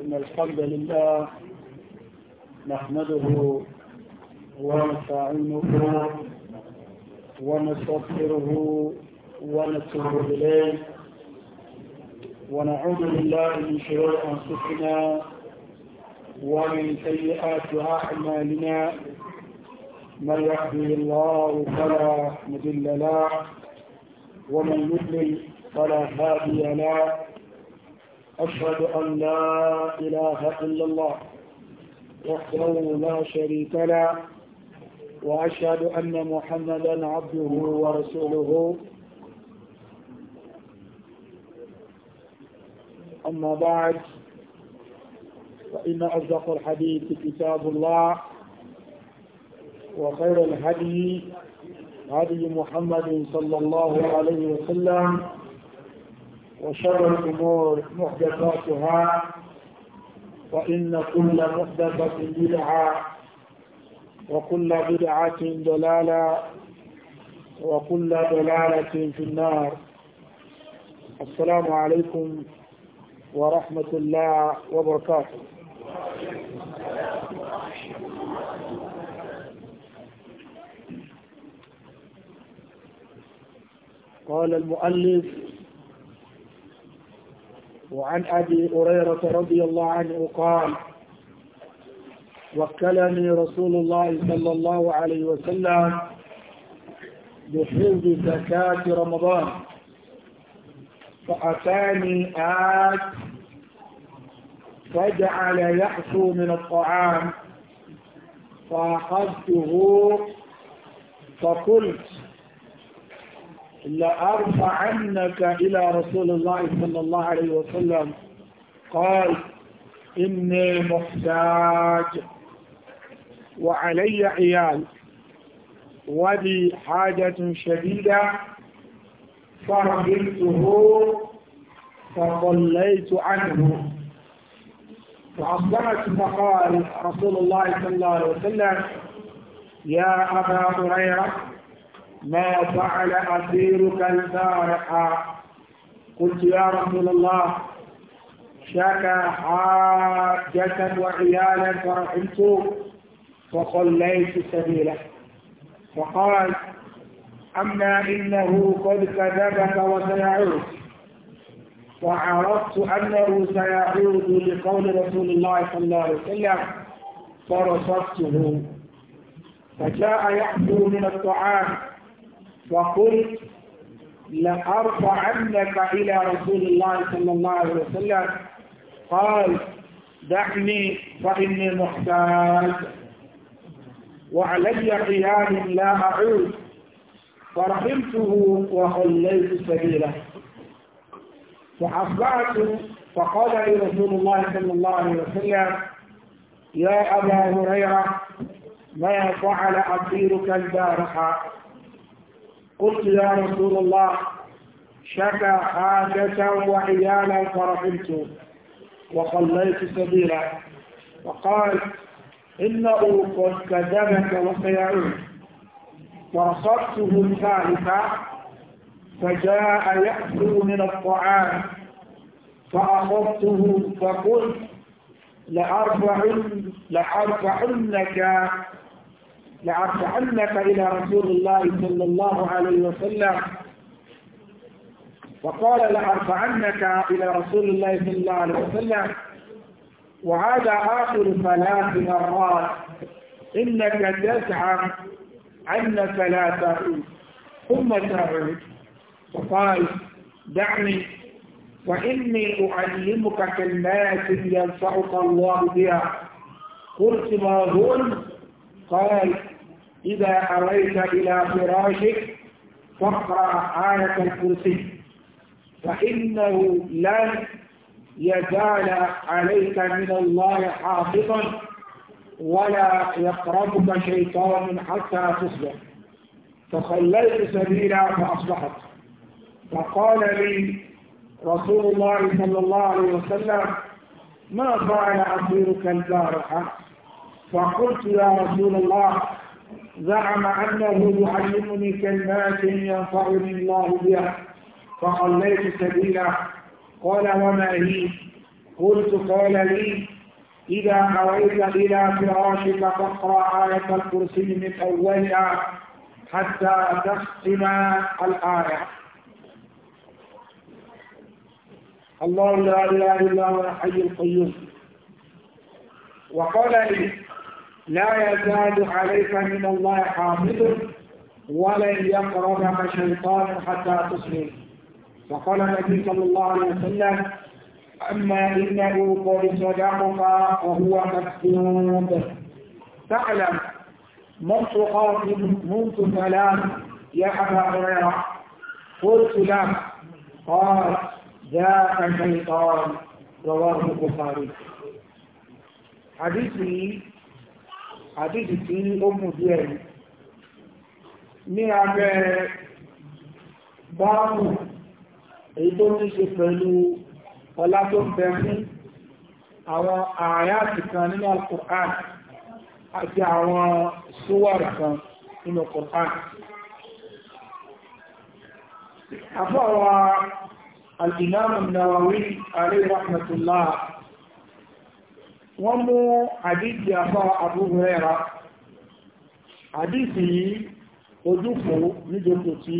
إن الحمد لله نحمده ونستعينه ونستغفره ونتوب إليه ونعوذ بالله من شرور أنفسنا ومن سيئات أعمالنا من يهده الله فلا مضل له ومن يضلل فلا هادي له أشهد أن لا إله إلا الله وحده لا شريك له وأشهد أن محمدا عبده ورسوله أما بعد فإن أصدق الحديث كتاب الله وخير الهدي هدي محمد صلى الله عليه وسلم وشر الأمور محدثاتها وإن كل محدثة بدعة وكل بدعة ضلالة وكل ضلالة في النار السلام عليكم ورحمة الله وبركاته قال المؤلف وعن أبي هريرة رضي الله عنه قال وكلني رسول الله صلى الله عليه وسلم بحفظ زكاة رمضان فأتاني آت فجعل يحشو من الطعام فأخذته فقلت لأرفعنك إلى رسول الله صلى الله عليه وسلم قال إني محتاج وعلي عيال ولي حاجة شديدة فرغبته فضليت عنه فأصبحت فقال رسول الله صلى الله عليه وسلم يا أبا هريرة ما فعل أسيرك البارحة قلت يا رسول الله شكا حاجة وعيالا فرحمته فخليت سبيله فقال أما إنه قد كذبك وسيعود وعرفت أنه سيعود لقول رسول الله صلى الله عليه وسلم فرصدته فجاء يأكل من الطعام وقلت لأرفعنك إلى رسول الله صلى الله عليه وسلم قال دعني فإني محتاج وعلي قيام لا أعود فرحمته وخليت سبيله فأصبحت فقال لي رسول الله صلى الله عليه وسلم يا أبا هريرة ما فعل أسيرك البارحة قلت يا رسول الله شكى حاجة وعيالا فرحمت وخليت سبيلا وقال إنه قد كذبك وسيعود ورصدته الثالثة فجاء يأكل من الطعام فأخذته فقلت لأرفعن لأرفعنك لأرجعنك إلى رسول الله صلى الله عليه وسلم وقال لأرفعنك إلى رسول الله صلى الله عليه وسلم وهذا آخر ثلاث مرات إنك تزعم أنك لا تعود ثم تعود وقال دعني وإني أعلمك كلمات ينفعك الله بها قلت ما هن قال إذا أويت إلى فراشك فاقرأ آية الكرسي فإنه لن يزال عليك من الله حافظا ولا يقربك شيطان حتى تصبح فخليت سبيلا فأصبحت فقال لي رسول الله صلى الله عليه وسلم ما فعل أخيرك البارحة فقلت يا رسول الله زعم أنه يعلمني كلمات ينفعني الله بها فخليت سبيله قال وما هي قلت قال لي إذا أويت إلى فراشك فاقرأ آية الكرسي من أولها حتى تختم الآية الله لا إله إلا هو الحي القيوم وقال لي لا يزال عليك من الله حافظ ولن يقربك شيطان حتى تسلم وقال النبي صلى الله عليه وسلم أما إنه قد صدقك وهو مكتوب تعلم من تقاتل منذ ثلاث يا أبا هريرة قلت له قال ذاك شيطان رواه البخاري حديثي àdìsí tí ó mú díẹ̀ ní abẹ́ báàmù èyí tó ní ṣe pẹ̀lú ọlá tó bẹ fún àwọn àyàtì kan nínú Al-Qur'an àti àwọn súwàrì kan nínú Al-Qur'an àfọwà al-Imam an-Nawawi alayhi wọ́n mú àdíjì àfá àbúrẹ́ra àdíjì yìí ojúfò níjókò tí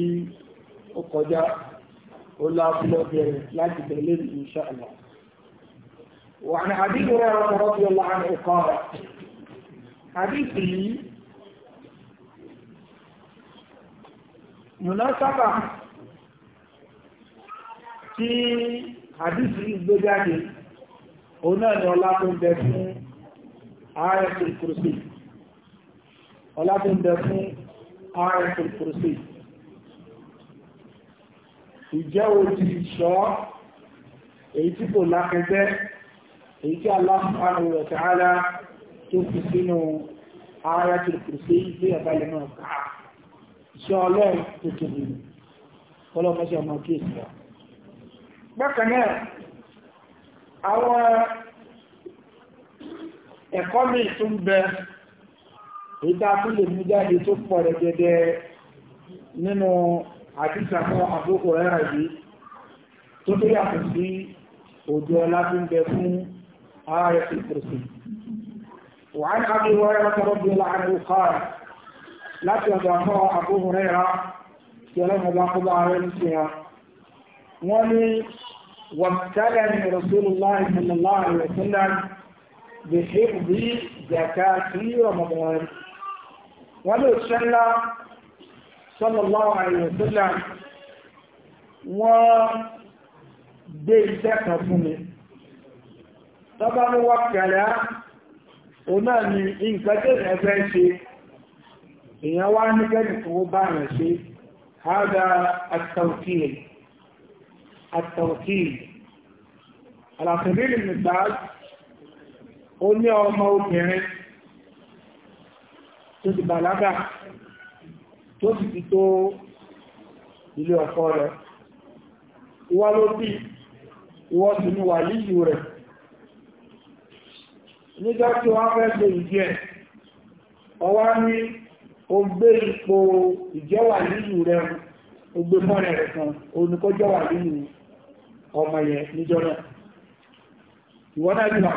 ó kọjá ó lábúlọ́ bẹ̀rẹ̀ láti tẹ̀lé insha Allah وعن أبي هريرة رضي الله عنه قال حديثي مناسبة في حديث الزجاجي òun náà ni ọlá tó ń bẹ fún ayatul kursi ọlá tó ń bẹ fún ayatul kursi ìjẹ́ òjì ìṣọ́ èyí tí kò lákẹgbẹ́ èyí tí Allah subhanahu wa ta'ala tó fi sínú ayatul kursi ilé ẹ̀bálẹ̀ náà káà iṣẹ́ ọlọ́run tó tóbi ọlọ́mọṣẹ́ ọmọ kí èsì àwọn ẹ̀kọ́ mi tún bẹ ìta tún lè mú jáde tó pọ̀ rẹ̀gẹ̀dẹ̀ nínú àtìsàmọ́ àkókò rẹ̀ àìyí tó tó yàtọ̀ sí òjò ọlá tún bẹ fún ààrẹ ìpòsì وعن أبي هريرة رضي الله عنه قال لا تدعوا أبو هريرة يلوم الله عليه وسلم ولي وابتلني رسول الله صلى الله عليه وسلم بحفظ زكاة رمضان ولو صلى صلى الله عليه وسلم وبيتك فمي طبعا وكلا ọ̀nà ni nǹkan tó ẹ̀fẹ́ ṣe èèyàn wá ní gẹ́gẹ́ àtọ̀kìl àlàfẹ́bílì nìgbà ó ní ọmọ obìnrin tó ti bàlágà tó sì ti tó ilé ọkọ rẹ̀ ìwà ló bí ìwọ sì ní wà líyù rẹ̀ nígbà tí wọ́n fẹ́ ṣe ìdí ọwá ní o gbé ipò ìjẹ́wà líyù rẹ̀ o gbé mọ́rẹ̀ rẹ̀ kan o ní kó líyù rẹ̀ ọmọ yẹn níjọ́ náà ìwọ náà yóò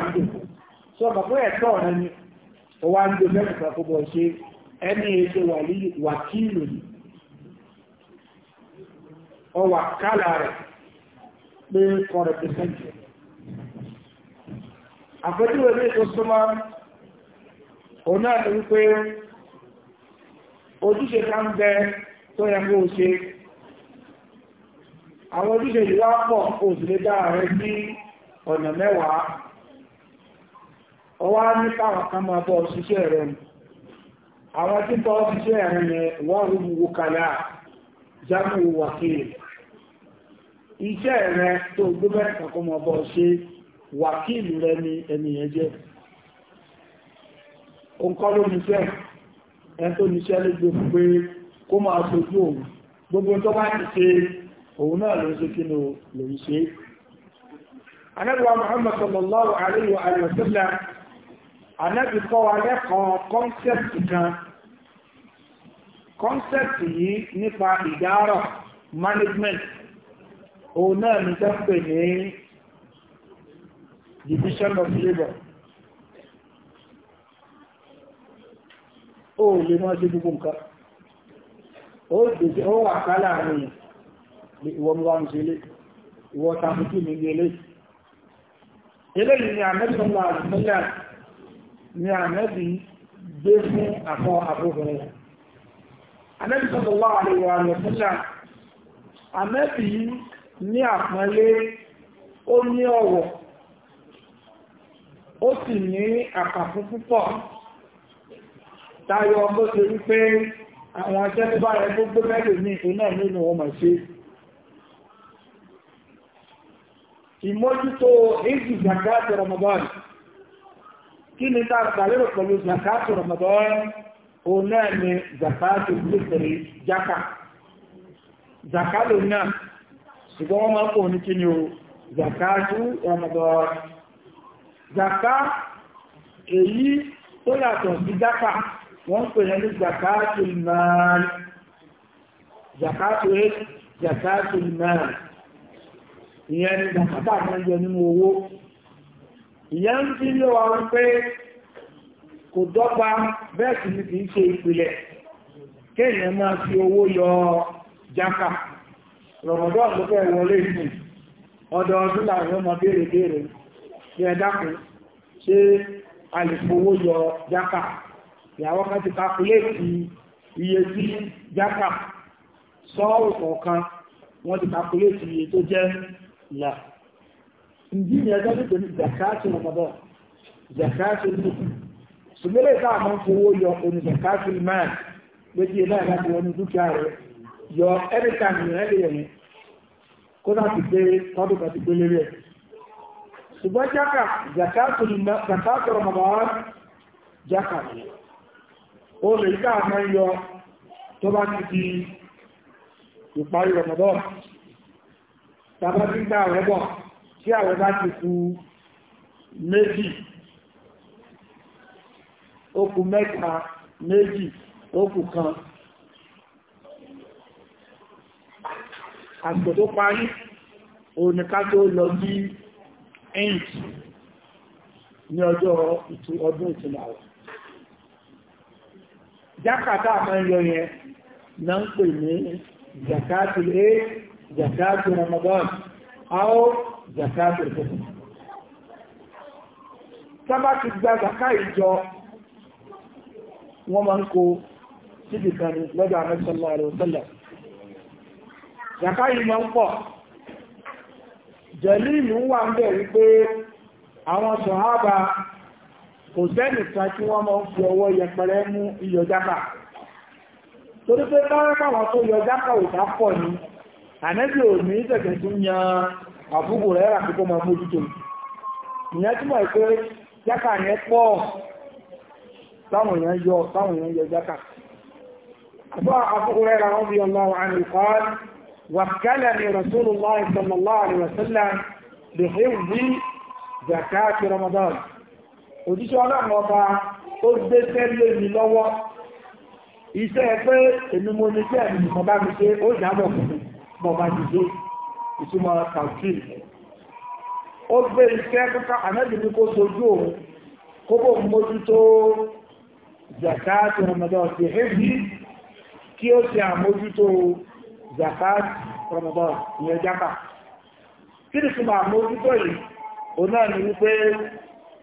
sọ bàbá ẹ̀tọ́ ọ̀rẹ́ ni ó wá ń gbé mẹ́rìnká kó bọ̀ ṣe ẹni èso wàkílù ni ọwà kálà rẹ̀ pé kọ́ rẹpẹsẹ́ntì àpẹjúwe ní òun náà wípé ojúṣe ká ń bẹ tó yẹ àwọn ojúṣe yìí wá pọ̀ oṣù lè dára rẹ sí ọ̀nà mẹ́wàá ọwá ní káwọn kan máa bọ́ ṣiṣẹ́ rẹ̀ àwọn tí bọ́ ṣiṣẹ́ rẹ̀ yẹn wọ́n rú wo kàlá jámù wàkíl iṣẹ́ rẹ̀ tó gbé bẹ́ẹ̀ máa bọ́ ṣe wàkíl rẹ̀ ni ẹnìyẹn jẹ́ ó ń kọ́ ló gbogbo tó bá ti ṣe òun náà ló ń ṣe kínú ló ń ṣe anábíwá Muhammad sallallahu alayhi wa sallam anábí kọ́ wa lẹ́kọ̀ọ́ kọ́nsẹ́pì kan kọ́nsẹ́pì yìí nípa ìdárọ̀ management òun náà ní tẹ́pẹ̀ ní division of labor ó lè máa ṣe gbogbo nǹkan ó wà ká láàrin yìí pé ìwọ mú wá ń ṣe ilé ìwọ tàbùkù mi ní ilé eléyìí ni àmẹ́sọ̀lá àtìmọ́lá ni àmẹ́bí gbé fún àkọ́ àbúrúkọrẹ àmẹ́sọ̀lá àríwá àmẹ́sọ̀lá àmẹ́bí ní àpọ́nlé ó ní ọ̀wọ̀ ó sì ní àkàfún púpọ̀ tayọ ọgbọ́n ṣe wípé àwọn ọjọ́ tó bá rẹ gbogbo mẹ́lòmí ìpínlẹ̀ nínú ọmọ ṣe ìmójútó ìjù zakat Ramadan kí ni tá àgbàlérò pẹ̀lú zakat Ramadan òun náà ni zakat olùsèrè jáka zakat lòun náà ṣùgbọ́n wọ́n máa ń pò ní kí ni o zakat Ramadan zakat èyí tó yàtọ̀ sí jáka wọ́n ń pè ní ní zakat olùmọ̀ zakat olùmọ̀ ìyẹn ni dàkátà kan yọ nínú owó ìyẹn ń fi lé wa wípé kò dọ́gba bẹ́ẹ̀ sì ni kì í ṣe ìpìlẹ̀ kéèyàn máa fi owó yọ jáka rọ̀mọ̀dọ́ ló fẹ́ wọlé ìsìn ọdọọdún láàrin ọmọ béèrè béèrè tí ẹ dákun ṣé a lè fowó yọ jáka ìyàwó kan ti kàkúléètì iye tí jáka sọ́ọ̀rù kọ̀ọ̀kan wọ́n ti kàkúléètì iye tó jẹ́ لا نجيب يا جماعة زكاة رمضان زكاة النسب ṣùgbọ́n ìta àmọ́ fowó yọ oní zakafi man lójú ilé àgbàtí wọn ní dúkìá rẹ̀ yọ ẹ́ríkà nìyàn ẹ́lẹ́ yẹn kó náà ti gbé tọ́dún kan ti gbé lérí ẹ̀ ṣùgbọ́n jákà zakafi ramadan jákà rẹ̀ ó lè ká àmọ́ yọ tó bá ti di ìparí ramadan tàbá tí ń dáwẹ̀ bọ̀ tí àwẹ̀ bá ti kù méjì ó kù mẹ́ta méjì ó kù kan àgbò tó parí òníká tó lọ bí ẹ̀ǹtì ní ọjọ́ ọdún ìtìlẹ̀ àwẹ̀ jákàtà àmọ́ ẹyọ yẹn náà ń pè ní jàkátìlẹ̀ زكاة رمضان أو زكاة الفطر sábà ti gba zaka ìjọ wọ́n máa ń kó síbi kan ní lọ́dọ̀ àmẹ́sọ́lọ́ àrẹ òtọ́lẹ̀ zaka yìí máa ń pọ̀ jẹ̀lìlù wà ń bẹ̀ wípé àwọn sọ̀hábà kò sẹ́nìkan tí wọ́n máa ń fi ọwọ́ yẹpẹrẹ mú iyọ̀ jáka torí pé báwọn tó yọ jáka ò bá pọ̀ ni ànẹ́bí ò ní ìtẹ̀kẹ̀ tó ń yan àbúkù rẹ̀ rà púpọ̀ máa mójútó ìyẹn túmọ̀ pé jákà yẹn pọ̀ táwọn èèyàn yọ táwọn èèyàn yọ jákà àbọ̀ àbúkù rẹ̀ rà wọ́n fi ọmọ àmì kan wàkálẹ̀ ní rasulullah sallallahu alaihi wasallam lè hèwì zakat ramadan òjíṣẹ́ ọlọ́run ọba ìmọ̀ bá mi ṣe ó jábọ̀ fún mi bọ̀bá dìde ìtumọ̀ tàbíl ó gbé iṣẹ́ kọ́kọ́ ànábì ní kó sojú òun kó bó mójútó zakati ramadan ti hébí kí ó ṣe àmójútó zakati ramadan ìyẹn jápa kí ni túnmọ̀ àmójútó yìí òun náà ni wípé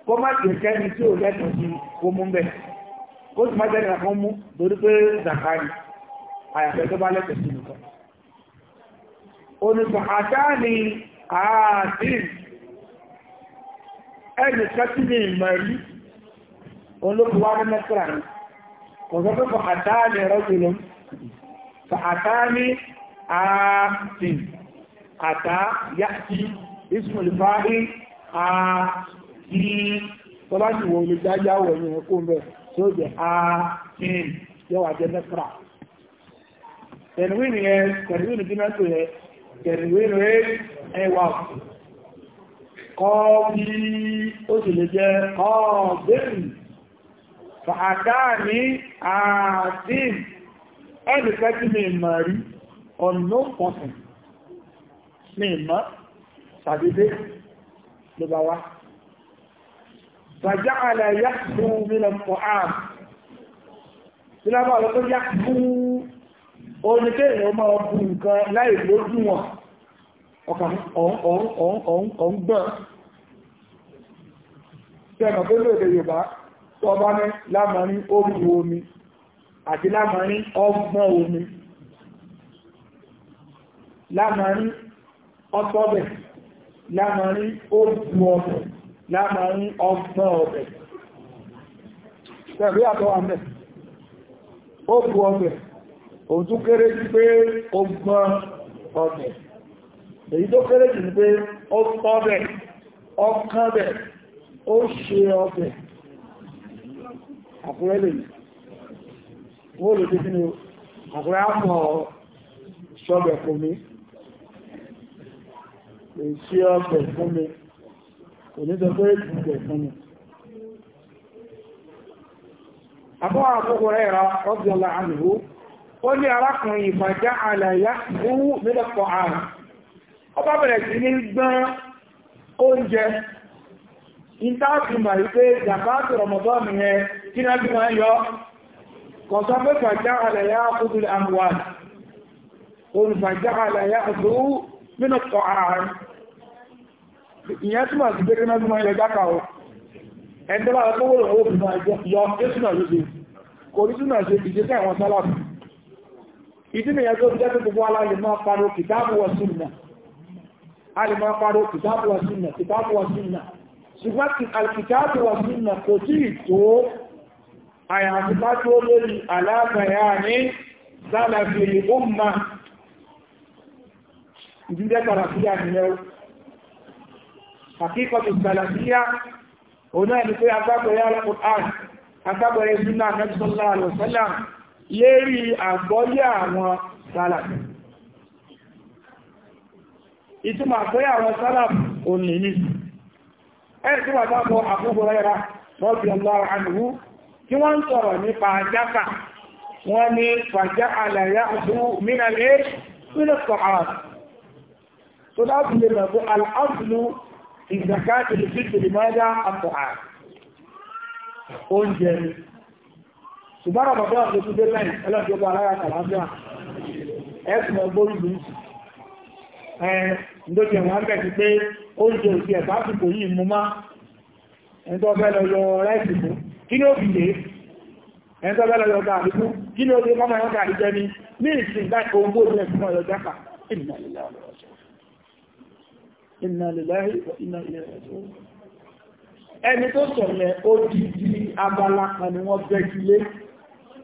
kó má jẹ́ kẹ́ni tí ò lẹ́tọ̀ọ́ sí kó mú bẹ́ẹ̀ kó sì má jẹ́ nìkan mú torí pé zakari àyàfẹ́ tó bá lẹ́tọ̀ọ́ sí nìkan onífàátáàlì ààtín ẹni kẹtìlì ìmọ̀rí olókùwá ní mẹ́sìlá kò sọ pé fàátáàlì rọ́jùlọ fàátáàlì ààtín àtà yàtí ìsmùlùfáì ààtín tọ́lájú wo lè dájáwọ̀ ní ẹkùn bẹ̀ tó jẹ́ ààtín yọ́wà jẹ́ mẹ́sìlá kẹ̀rìwéré ẹwà kọ́ọ̀bí ó sì lè jẹ́ ọ̀bẹ̀rì fàádáàní àádìm ẹnìkẹ́ tí mi mọ̀ rí ọ̀nà pọ̀sìn mi mọ́ sàdédé ló bá wá fàjá àlàyé fún mílọ̀ fọ́ ààbì oníkẹ́rẹ̀ ọmọ ọbú nǹkan láì lójú wọn ọkàn ọ̀ǹgbọ́n tẹ́nà tó lóòdè Yorùbá tó bá ní lámàrin orí omi àti lámàrin ọgbọ́n omi lámàrin ọtọ́bẹ̀ lámàrin ojú ọbẹ̀ lámàrin ọgbọ́n ọbẹ̀ tẹ̀rí àtọwà mẹ́ ojú ọbẹ̀ òun tún kéré jù pé ó gbọ́n ọbẹ̀ èyí tó kéré jù ní pé ó tọ́bẹ̀ ọkànbẹ̀ ó ṣe ọbẹ̀ àkúrẹ́ lè wọ́n lè tẹ́sí ni àkúrẹ́ àmọ́ ṣọ́bẹ̀ fún mi lè ṣe ọbẹ̀ fún mi kò ní sọ pé ìgbẹ̀ fún mi àbọ́ àkókò rẹ̀ ra ọdún ó ní arákùnrin ìfàjá àlàyá wúwú mílẹ̀pọ̀ ààrùn ó bá bẹ̀rẹ̀ sí ní gbọ́n oúnjẹ ìtàkì mà wípé jàbáàtì rọmọdọ́ nìyẹn kí náà bí wọ́n yọ kọ̀sọ́ pé fàjá àlàyá kúrú àmúwàn olùfàjá àlàyá wúwú mílẹ̀pọ̀ ààrùn ìyẹn túnmọ̀ sí pé kí náà bí wọ́n yọ jákà ó ẹ̀ńtọ́lá ọkọ̀ wọ́n ìdí nìyẹn tó jẹ́ gbogbo ala lè máa paro kìtàbù wa sunna a lè máa paro kìtàbù wa sunna kìtàbù wa sunna ṣùgbọ́n alkìtàbù wa sunna kò tí ì tó àyàfi bá tó lórí alábàyà ní sálàfìrì umma ìdí jẹ́ sàlàfíà nìyẹn àkíkọ̀tù sàlàfíà òun náà ni pé lérí àgbọ́yé àwọn sálàpù ìtumọ̀ àgbọ́yé àwọn sálàpù òní ní ẹ̀rì tí wà tábọ̀ àkókò rẹ̀ra rọ́bì ọlọ́rọ̀ ànìwú kí wọ́n ń sọ̀rọ̀ nípa àjákà wọ́n ní pàjá àlàyé àbú mínàlẹ́ sílẹ̀ sọ̀hàn tó dábù lè mẹ́bù al'áfìlú ìzàkátìlì fìtìlì mẹ́dá àpọ̀ ṣùgbọ́n bàbá ọ̀dọ́ tó dé mẹ́rin ẹlọ́dọ́gbọ́ alára tàbájá ẹ̀sùn ọgbórí lù sí ẹ̀ẹ́n ìdókè wọn bẹ̀ sí pé oúnjẹ òsì ẹ̀bá sì kò yìí mú má ẹ̀ntọ́bẹ́ lọ yọ ráìsì fún kí ni ó fi lè ẹ̀ntọ́bẹ́ lọ yọ gàrí fún kí ni ó lè mọ́mọ́ yọ gàrí jẹ́ ní ní ìsìn dá ẹni tó sọ̀rọ̀ ó di abala kan ni wọ́n bẹ́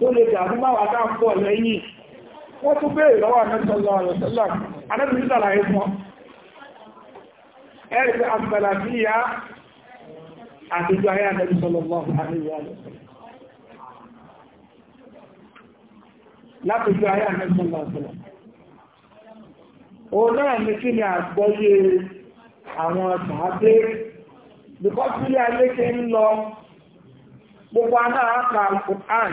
tó lè dàbí máwà dáa pọ̀ lẹ́yìn wọ́n tún bèèrè lọ́wọ́ anẹ́sọ́lọ́ àrẹ̀sọ́lọ́ anẹ́sọ́lọ́ àrẹ̀sọ́lọ́ ẹ̀rẹ̀ àgbàlàbíyà àtijọ́ ayé anẹ́sọ́lọ́ látòjú ayé àmẹ́sàn lọ́sọ̀lọ́. O náà ní kí ni àgbọ́yé àwọn tàbí bíkọ́ sílé aléke ń lọ gbogbo aná àkà al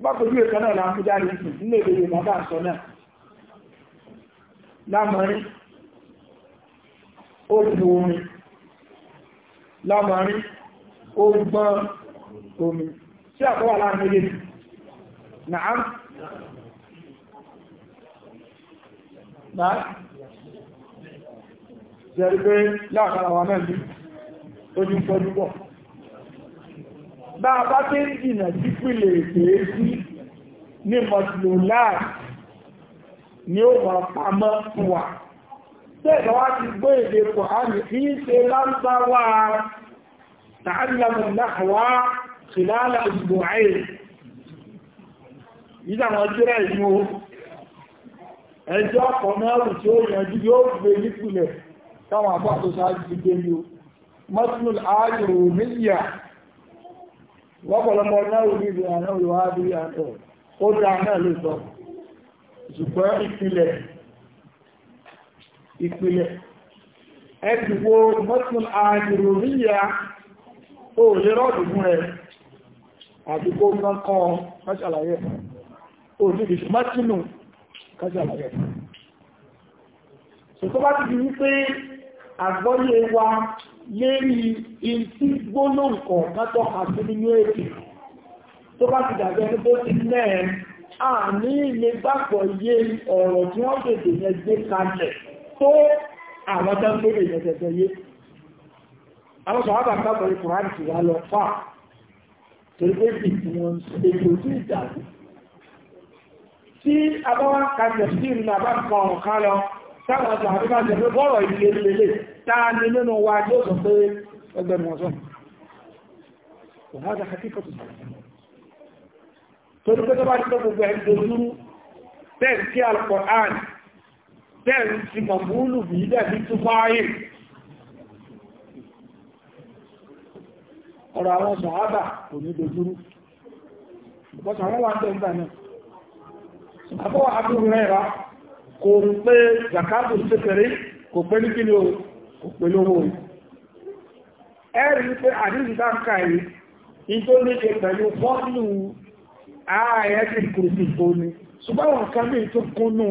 ìbákojú ẹ̀kan náà láàá fújá ní ìsìn nílé èdè yorùbá bá sọ náà lámọ́rin ó bu omi lámọ́rin ó gbọ́n omi tí àkọwà láàrin méjèèjì náà náà jẹ́rí pé láàkàrà wà mẹ́rin ojú pọ́jú pọ̀ bá a bá tẹ́ ìjìnà sí pìlẹ̀ ètèé sí ní mọ̀tìlòláà ni ó mọ̀ pamọ́ fún wa tẹ́ẹ̀dọ̀ wá ti gbé èdè kòhánì kí í ṣe lámbáwá tààlàmù náàwá ṣìlálà ìgbò ààrùn níyà lọ́pọ̀lọpọ̀ náà rí rí àná ìwádí àtọ̀ ó dá náà lè sọ ṣùgbọ́n ìpìlẹ̀ ìpìlẹ̀ ẹgbìwò mọ́tún àìrò ríyà ó lè rọ́dù fún ẹ àti kó kankan kásàlàyé ó ní ìṣù mọ́túnù kásàlàyé ṣùgbọ́n bá ti di wípé àgbọ́yé wa lérí ìtí gbólóǹkọ̀ látọ́ àti nínú èdè tó bá ti dàgbẹ́ ní tó ti mẹ́ẹ̀ à ní ilé gbàpọ̀ iye ọ̀rọ̀ tí wọ́n tètè yẹn gbé kalẹ̀ tó àwọn tẹ́gbẹ̀rẹ̀ yẹn tẹ̀tẹ̀ yé àwọn sọ̀rọ̀ àbàkàbọ̀ ìkùnrin ti wá lọ fà torí pé bí wọn ètò sí ìdàgbé tí abáwá kalẹ̀ sí ìrìnà táà ní nínú wa yóò sọ pé ẹgbẹ̀rún ọ̀sán وهذا حقيقة torí pé tó bá ti gbogbo ẹ̀ dojúrú bẹ́ẹ̀ kí alkọ̀án bẹ́ẹ̀ ti mọ̀búlù bí dẹ̀bí tó fáyé ọ̀rọ̀ àwọn sọ̀hábà kò ní dojúrú bọ́sà wọ́n wá tẹ́ kò pé zakabu sékèrè kò pé ní kí ni o òpèlówó ẹ̀rí pé àdíjìdá ń káyé ní tó ní ṣe pẹ̀lú fọ́nù ààyẹ́ ti kùrùsì tó ní ṣùgbọ́n wọn kan ní tó kúnnú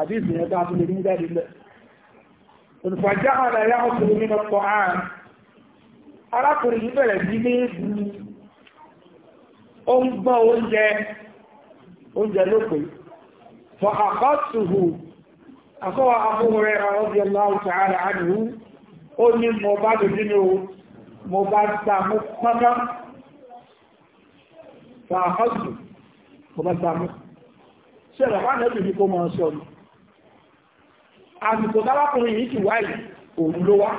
àdíjì ẹ̀dá tó lè mú jáde lẹ̀ olùfàjá àrà ẹ̀yà ọkùnrin nínú ọkọ̀ ààrùn arákùnrin yìí bẹ̀rẹ̀ sí ní ìbùnú ó ń gbọ́ oúnjẹ oúnjẹ lópin fọ àkọ́tùhù àkọ́wà Abu Hurairah radiyallahu ta'ala anhu ó ní mo bá dojú ní o mo bá ta mú pátá fàáhọ́sù mo bá ta mú ṣẹlẹ̀ wà náà bìí kó máa sọ ní àsìkò tábákùnrin yìí ti wáyìí òun ló wá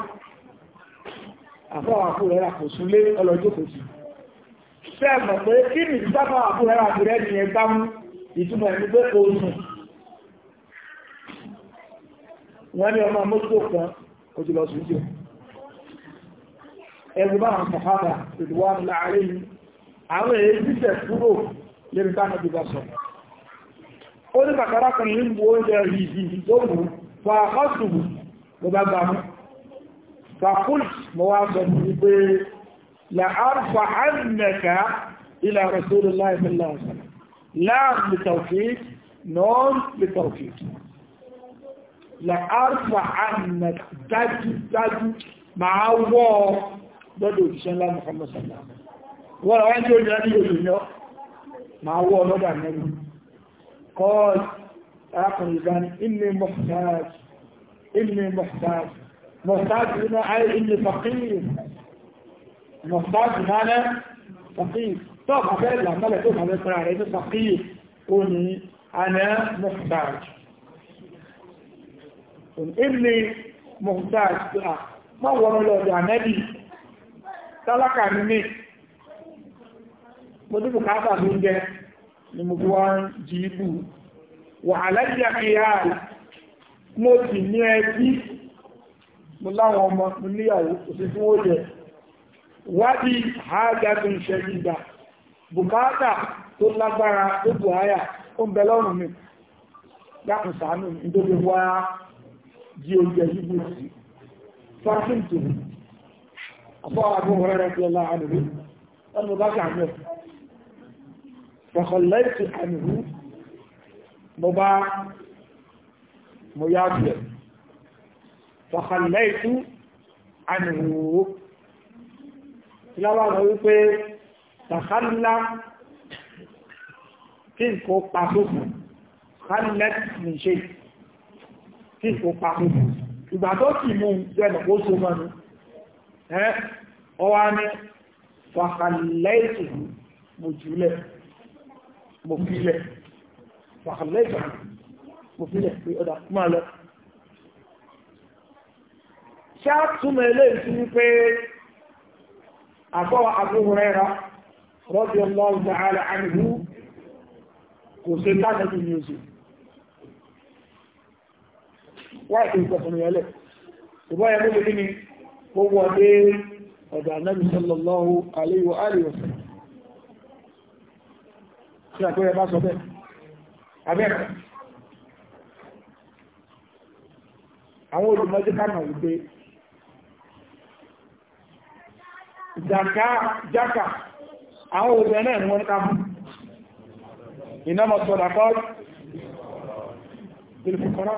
àkọ́wà Abu Hurairah kò súnlé ọlọ́jọ́ kò sí ṣẹ́ẹ̀mọ̀ pé kí ni ìtàkọ́ Abu Hurairah àbúrẹ́ ni ẹgbá ìtumọ̀ ẹni pé oòrùn wọ́n ní ọmọ mọ́tò kan ó ti lọ sùn jù ẹgbẹ́ bá àwọn mọ̀hábà ìdíwà láàrin àwọn èyí títẹ̀ kúrò lórí tánà bí bá sọ ó ní kàkàrà kan ní gbò oúnjẹ ìdí tó mú fa ọ́sùn làárfà àmì dájúdájú máa wọ́ lọ́dọ̀ òjíṣẹ́ ńlá Muhammad sallallahu alaihi wasallam wọ́n wọ́n tí ó jẹ́ ní òṣìṣẹ́ máa wọ́ lọ́dọ̀ àmẹ́rin kọ́ọ̀lù arákùnrin ìbáni inni muhtaj inni muhtaj muhtaj iná ayé inni faqir muhtaj iná faqir tó àfẹ́ ìlàmọ́lẹ̀ tó ní faqir ó ìrìnlẹ̀ mọ̀gbà ìgbà mọ́wọ́ lọ́dọ̀ àmẹ́bì tálákà ní mí mo dúkù káàkà ló ń ni mo fi ń jí ibù wàhálà jẹ́ àkíyàn mo ní ẹbí mo láwọn ọmọ mo níyàwó òsì fún ha jẹ wádìí àágbàtò ìṣẹ́jú ìgbà bùkátà tó lágbára tó bù áyà ó ń bẹ lọ́rùn mi dákùn nítorí di oúnjẹ yíbò sí fásitì tó afọ́wà fún ọ̀rẹ́ rẹ̀ pẹ̀lá àdúgbò ẹnu bá kà mẹ́ fọ̀kànlẹ́ ti àmìhú mo bá mo yá bẹ̀ fọ̀kànlẹ́ ti àmìhú lábàá lọ wípé tàkàlá kí nǹkan pa sókùn kálẹ̀ nìṣẹ́ tí kò papò ìgbà tó sì mú jẹ́nà ó so mọ́nu ẹ́ ọwá ní wàhálẹ́ẹ̀tì mo jùlẹ̀ mo fílẹ̀ wàhálẹ́ẹ̀tì mo fílẹ̀ pé ọ̀dà máa lọ ṣáàtúmọ̀ eléyìí sí wípé àbọ̀wà àbúhùrẹ́ra rọ́bì ọlọ́run tààrà àmìhú kò sí tánàbí music láì fi ìtọkùnrin ẹlẹ̀ ṣùgbọ́n ẹ̀mú lè ní ó wọlé ọ̀dọ̀ anábì sallallahu alaihi wa alihi wa sallam tí àpẹẹrẹ bá sọ bẹ́ẹ̀ abẹ́rẹ́ àwọn olùmọ́jú kánà wípé jàkà àwọn obìnrin náà ni wọ́n ká fún ìnámọ̀ sọ̀dàkọ́ ìlú fòkọ́rọ́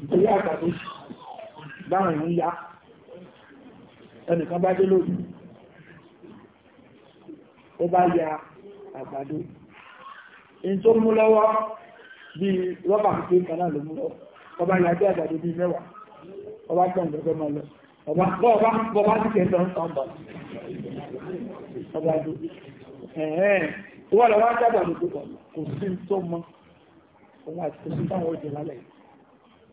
nítorí àgbàdo báwọn èèyàn yá ẹnìkan bá dé lórí ó bá ya àgbàdo in tó mú lọ́wọ́ bí rọ́bà pípé kan náà ló mú lọ́wọ́ ọba ya dé àgbàdo bí mẹ́wàá ọba tán ìgbẹ́gbẹ́ máa lọ ọba bọ́ọ̀bá ti kẹta ń tán bọ̀ ọba dé ẹ̀ẹ́n tó wà lọ́wọ́ àgbàdo tó kọ̀ kò sí tó mọ́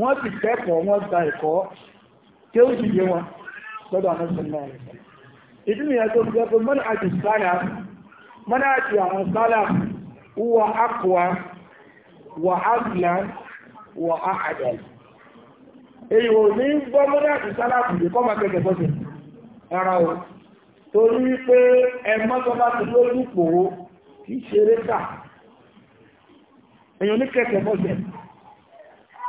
wọ́n ti kẹ́kọ̀ọ́ wọ́n gba ẹ̀kọ́ tí ó sì yé wọn lọ́dọ̀ àwọn sọ́nà rẹ̀ ìdí nìyẹn tó gbé pé mọ́nà àti sálà mọ́nà àti àwọn sálà wà ápùwà wà ápùlà wà áàdà èyí ò ní gbọ́ mọ́nà àti sálà kùdì kọ́ máa kẹ́kẹ́ bọ́sẹ̀ rárá o torí pé ẹ̀mọ́ tó bá ti lójú pòó kì í ṣeré kà èyí ní kẹ́kẹ́ bọ́sẹ̀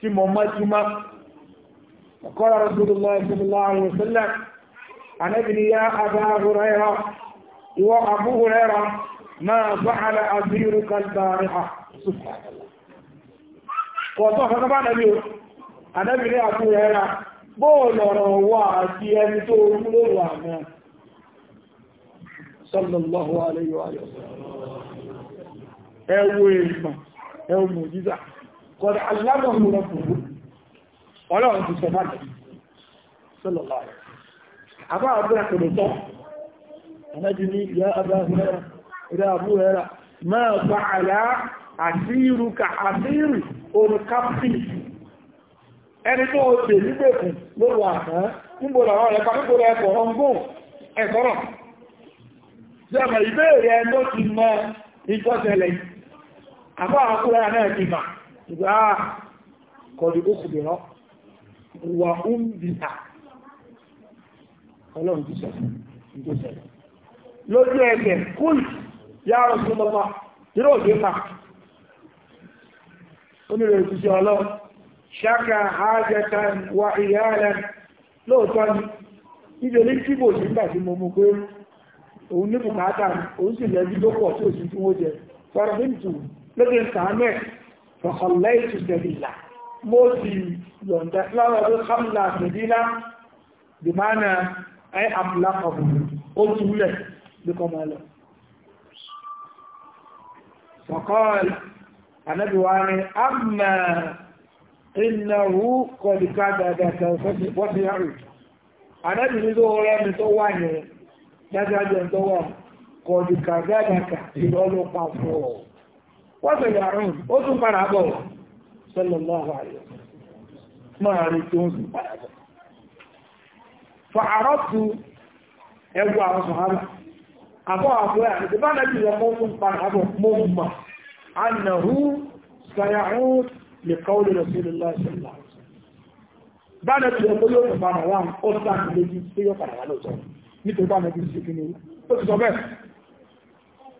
tí mọ̀ mọ́júmọ́ ọkọ́rọ̀ rasulullah sallallahu alaihi wasallam anabi ni ya aba huraira iwọ abu huraira máa fa'ala abiru kalbari ha kọ̀tọ̀ fọ́nà bá nàbí o anabi ni abu huraira bóòlù ọ̀rọ̀ wà àti ẹni tó múlò wà náà sallallahu alaihi wasallam ẹwọ èèmà ẹwọ mọ̀jíza kọ̀dọ̀ alámọ̀rún rẹ̀ fún ọlọ́run ti sọ máa ẹni tó o tè lórí nígbòrò àwọn ẹ̀kọ́ nígbòrò ẹ̀kọ́ ọgbọ́n ẹ̀kọ́rọ̀ ti àkúrẹ́ ìgbà a ó kùbìrọ̀ wà ó ń bìtà ọlọ́run ti sọ̀rọ̀ tó sẹ̀lẹ̀ lójú ẹgbẹ̀ kúl yá ọ̀sùn lọ́pàá tí ó gbé máa onírò ìtúsí wa òun ní bùkátà òun sì lẹ́bí tó tí fọ̀kànlẹ́ ìtùsẹ̀bìlà mo sì yọ̀ǹda lọ́rọ̀ ló kọ́mùlà àtẹ̀bílá dìmánà ẹ́ àpùlákọ̀bù ó túlẹ̀ lókọ́mọ́ lọ فقال النبي واني أما إنه قد كذبك وسيعود النبي ذولا من تواني dájájẹ́ tó kọ̀dùkà dájáka ìrọ́lọ́pàá fún wọ́n sẹ̀yà rùn ó tún padà bọ̀ sọ́lọ̀lọ́wọ́ àyẹ̀ máa rí tó ń sùn padà bọ̀ fàárọ́tù ẹgbù àwọn sọ̀hánà àbọ̀ àbọ̀ ẹ̀ àti bá nàbí ìyẹ̀kọ́ tún padà annahu sayahun lè kọ́wọ́lẹ̀ rasulullah sallallahu alaihi wasallam bá nàbí ìyẹ̀kọ́ yóò tún padà wà ó sàn lójú tó yọ padà wà lóòótọ́ nítorí bá nàbí ìṣẹ́kí ni ó ti sọ bẹ́ẹ̀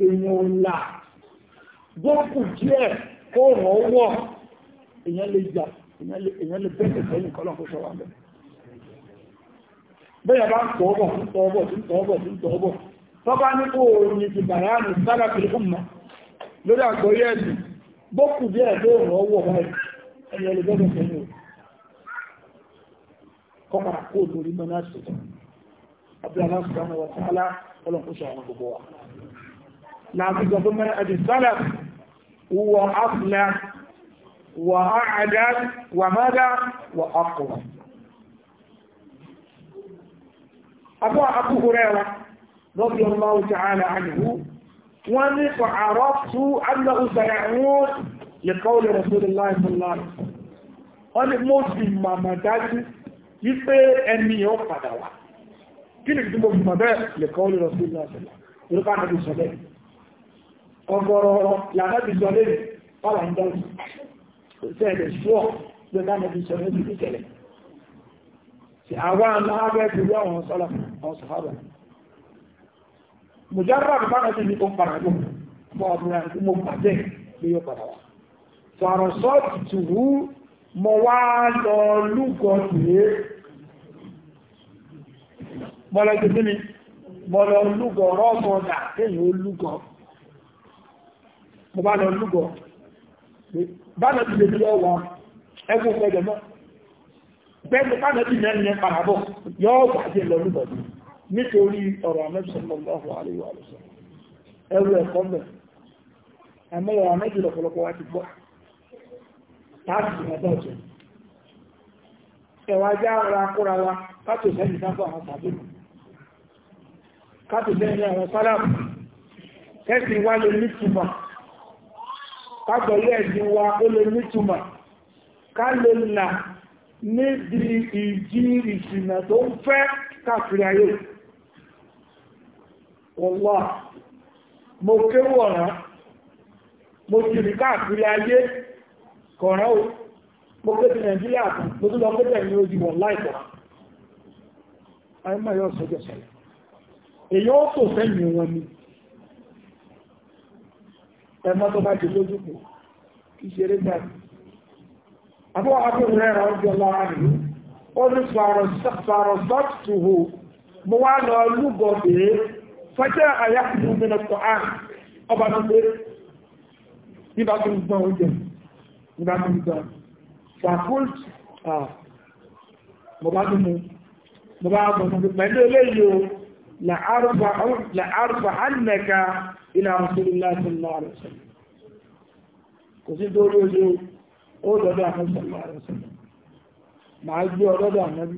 èèyàn ò là bọ́ọ̀kù díẹ̀ kó ràn ó wọ̀ lè jà èèyàn lè bẹ́ẹ̀ sẹ́yìn kọ́lọ̀ kó sọ́wọ́ bẹ́ẹ̀ bẹ́ẹ̀ bá ń tọ́ọ̀bọ̀ ń tọ́ọ̀bọ̀ ń tọ́ọ̀bọ̀ ń tọ́ọ̀bọ̀ ní kó ní ti bàyánù sára fi fún lórí ẹ̀sìn bọ́ọ̀kù díẹ̀ tó báyìí lè bẹ́ẹ̀ láàbùsọ fún mẹ́rin àti sọ́lá wọ áfìlá wọ àádá wà mọ́dá wọ ọkọ̀ abọ́ akúkúrẹ́ wa lọ́bí ọmọ òjò ààrẹ àdìhú wọ́n ní kọ̀ àrọ́ tú àdìlọ́ òsàrẹ̀ àwọn lẹ́kọ́ olè rasulullah sallallahu alaihi wasallam wọ́n ní mo sì màmà dájú wípé ẹni yóò padà wá kí ọgọ́rọ̀ làbábì sọ lè pàwà ń dájú sẹ́ẹ̀lẹ̀ ṣọ́ ló dá nàbí sọ lórí ìṣẹ̀lẹ̀ tí àwọn àmà abẹ́ẹ̀kì rí àwọn sọ́lá àwọn sọ̀hábà mùjára bá náà ti ní kó para ló mọ́ ọdún àti mo pàdé ló yóò kéèyàn ó mo bá lọ lúgọ̀ bánà ti lè bí ọwà ẹgbùn pẹ̀lẹ̀ mọ́ bẹ́ẹ̀ni bánà ti mẹ́rin yẹn padà bọ̀ yọ́ wà jẹ́ lọ lúgọ̀ nítorí ọ̀rọ̀ amẹ́bùsọ̀lọ́wọ́ àríwá àlùsọ̀ ẹrù ẹ̀kọ́ mẹ́ àmọ́wọ̀ amẹ́jù lọ́pọ̀lọpọ̀ wá ti gbọ́ táàkì ìrìnàjò ọ̀tọ̀ ẹ̀wà já ara kóra wa kátò sẹ́yìn sáfà àwọn sálàmù kẹ́sì wá lè ní kágbẹ̀lẹ́ ẹ̀sìn wa ó lè nítumọ̀ ká lè là níbi ìjì ìsìnà tó ń fẹ́ káàkiri ayé wọ́wọ́ mo kéwò ọ̀rán mo ti rí káàkiri ayé kọ̀rán o mo ké ti nàìjíríà kan mo tún lọ pẹ́tẹ̀ ní ojú wọn láìpọ̀ ayé máa yọ sọ́jọ́ sọ́lẹ̀ èyí ó tò sẹ́yìn wọn ni ẹmọ́ tó bá jẹ lójúkù kí ṣe eré gbà àbọ̀ abúrú ẹ̀rọ ọjọ́ lọ́wọ́ rẹ̀ ó ní fàrọ̀ sọ́tùhù mo wá lọ lúgọ̀ bèé fẹ́jẹ́ àyàkùnrin mi lọ́tọ̀ á ọba tó gbé nígbà tó ń gbọ́n oúnjẹ nígbà tó ń gbọ́n fàkúlt mo bá dùn ilá rasulillah sallallahu alaihi wasallam kò sí tó lóòjó ó dọ́dọ̀ ànábì sallallahu alaihi wasallam máa gbé ọdọ́dọ̀ ànábì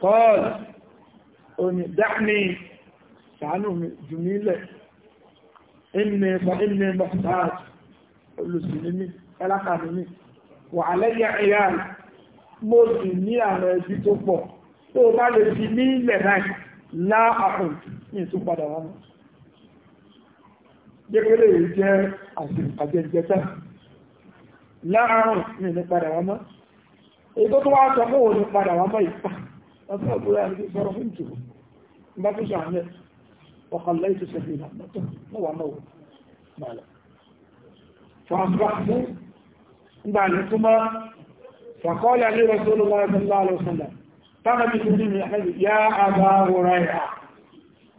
kọ́ọ̀lù òní dáhìní sàánù jùmílẹ̀ inú ẹ̀fà inú ẹ̀fà sáàt olùsìnimi ẹlákàmìmí wà alẹ́yà ẹ̀yà mo sì ní àwọn ẹbí tó pọ̀ tó bá lè fi ní ilẹ̀ náà láàrùn ní ìtúpadà wọn jẹ́kẹ́lẹ̀ yìí jẹ́ àjẹjẹta láàárùn ní ní padà wá mọ́ èyí tó tó wá sọ mọ́ òní padà wá mọ́ ìpa ọ̀sán òbúra ní sọ̀rọ̀ fún ìtùrù bá tó sàmẹ́ ọ̀kọ̀lẹ́ ètò sẹ́fì ìlànàtọ̀ mọ́wàá náà mọ́lẹ̀ fàṣbàṣbù ńgbà ní túmọ́ fàkọ́lẹ̀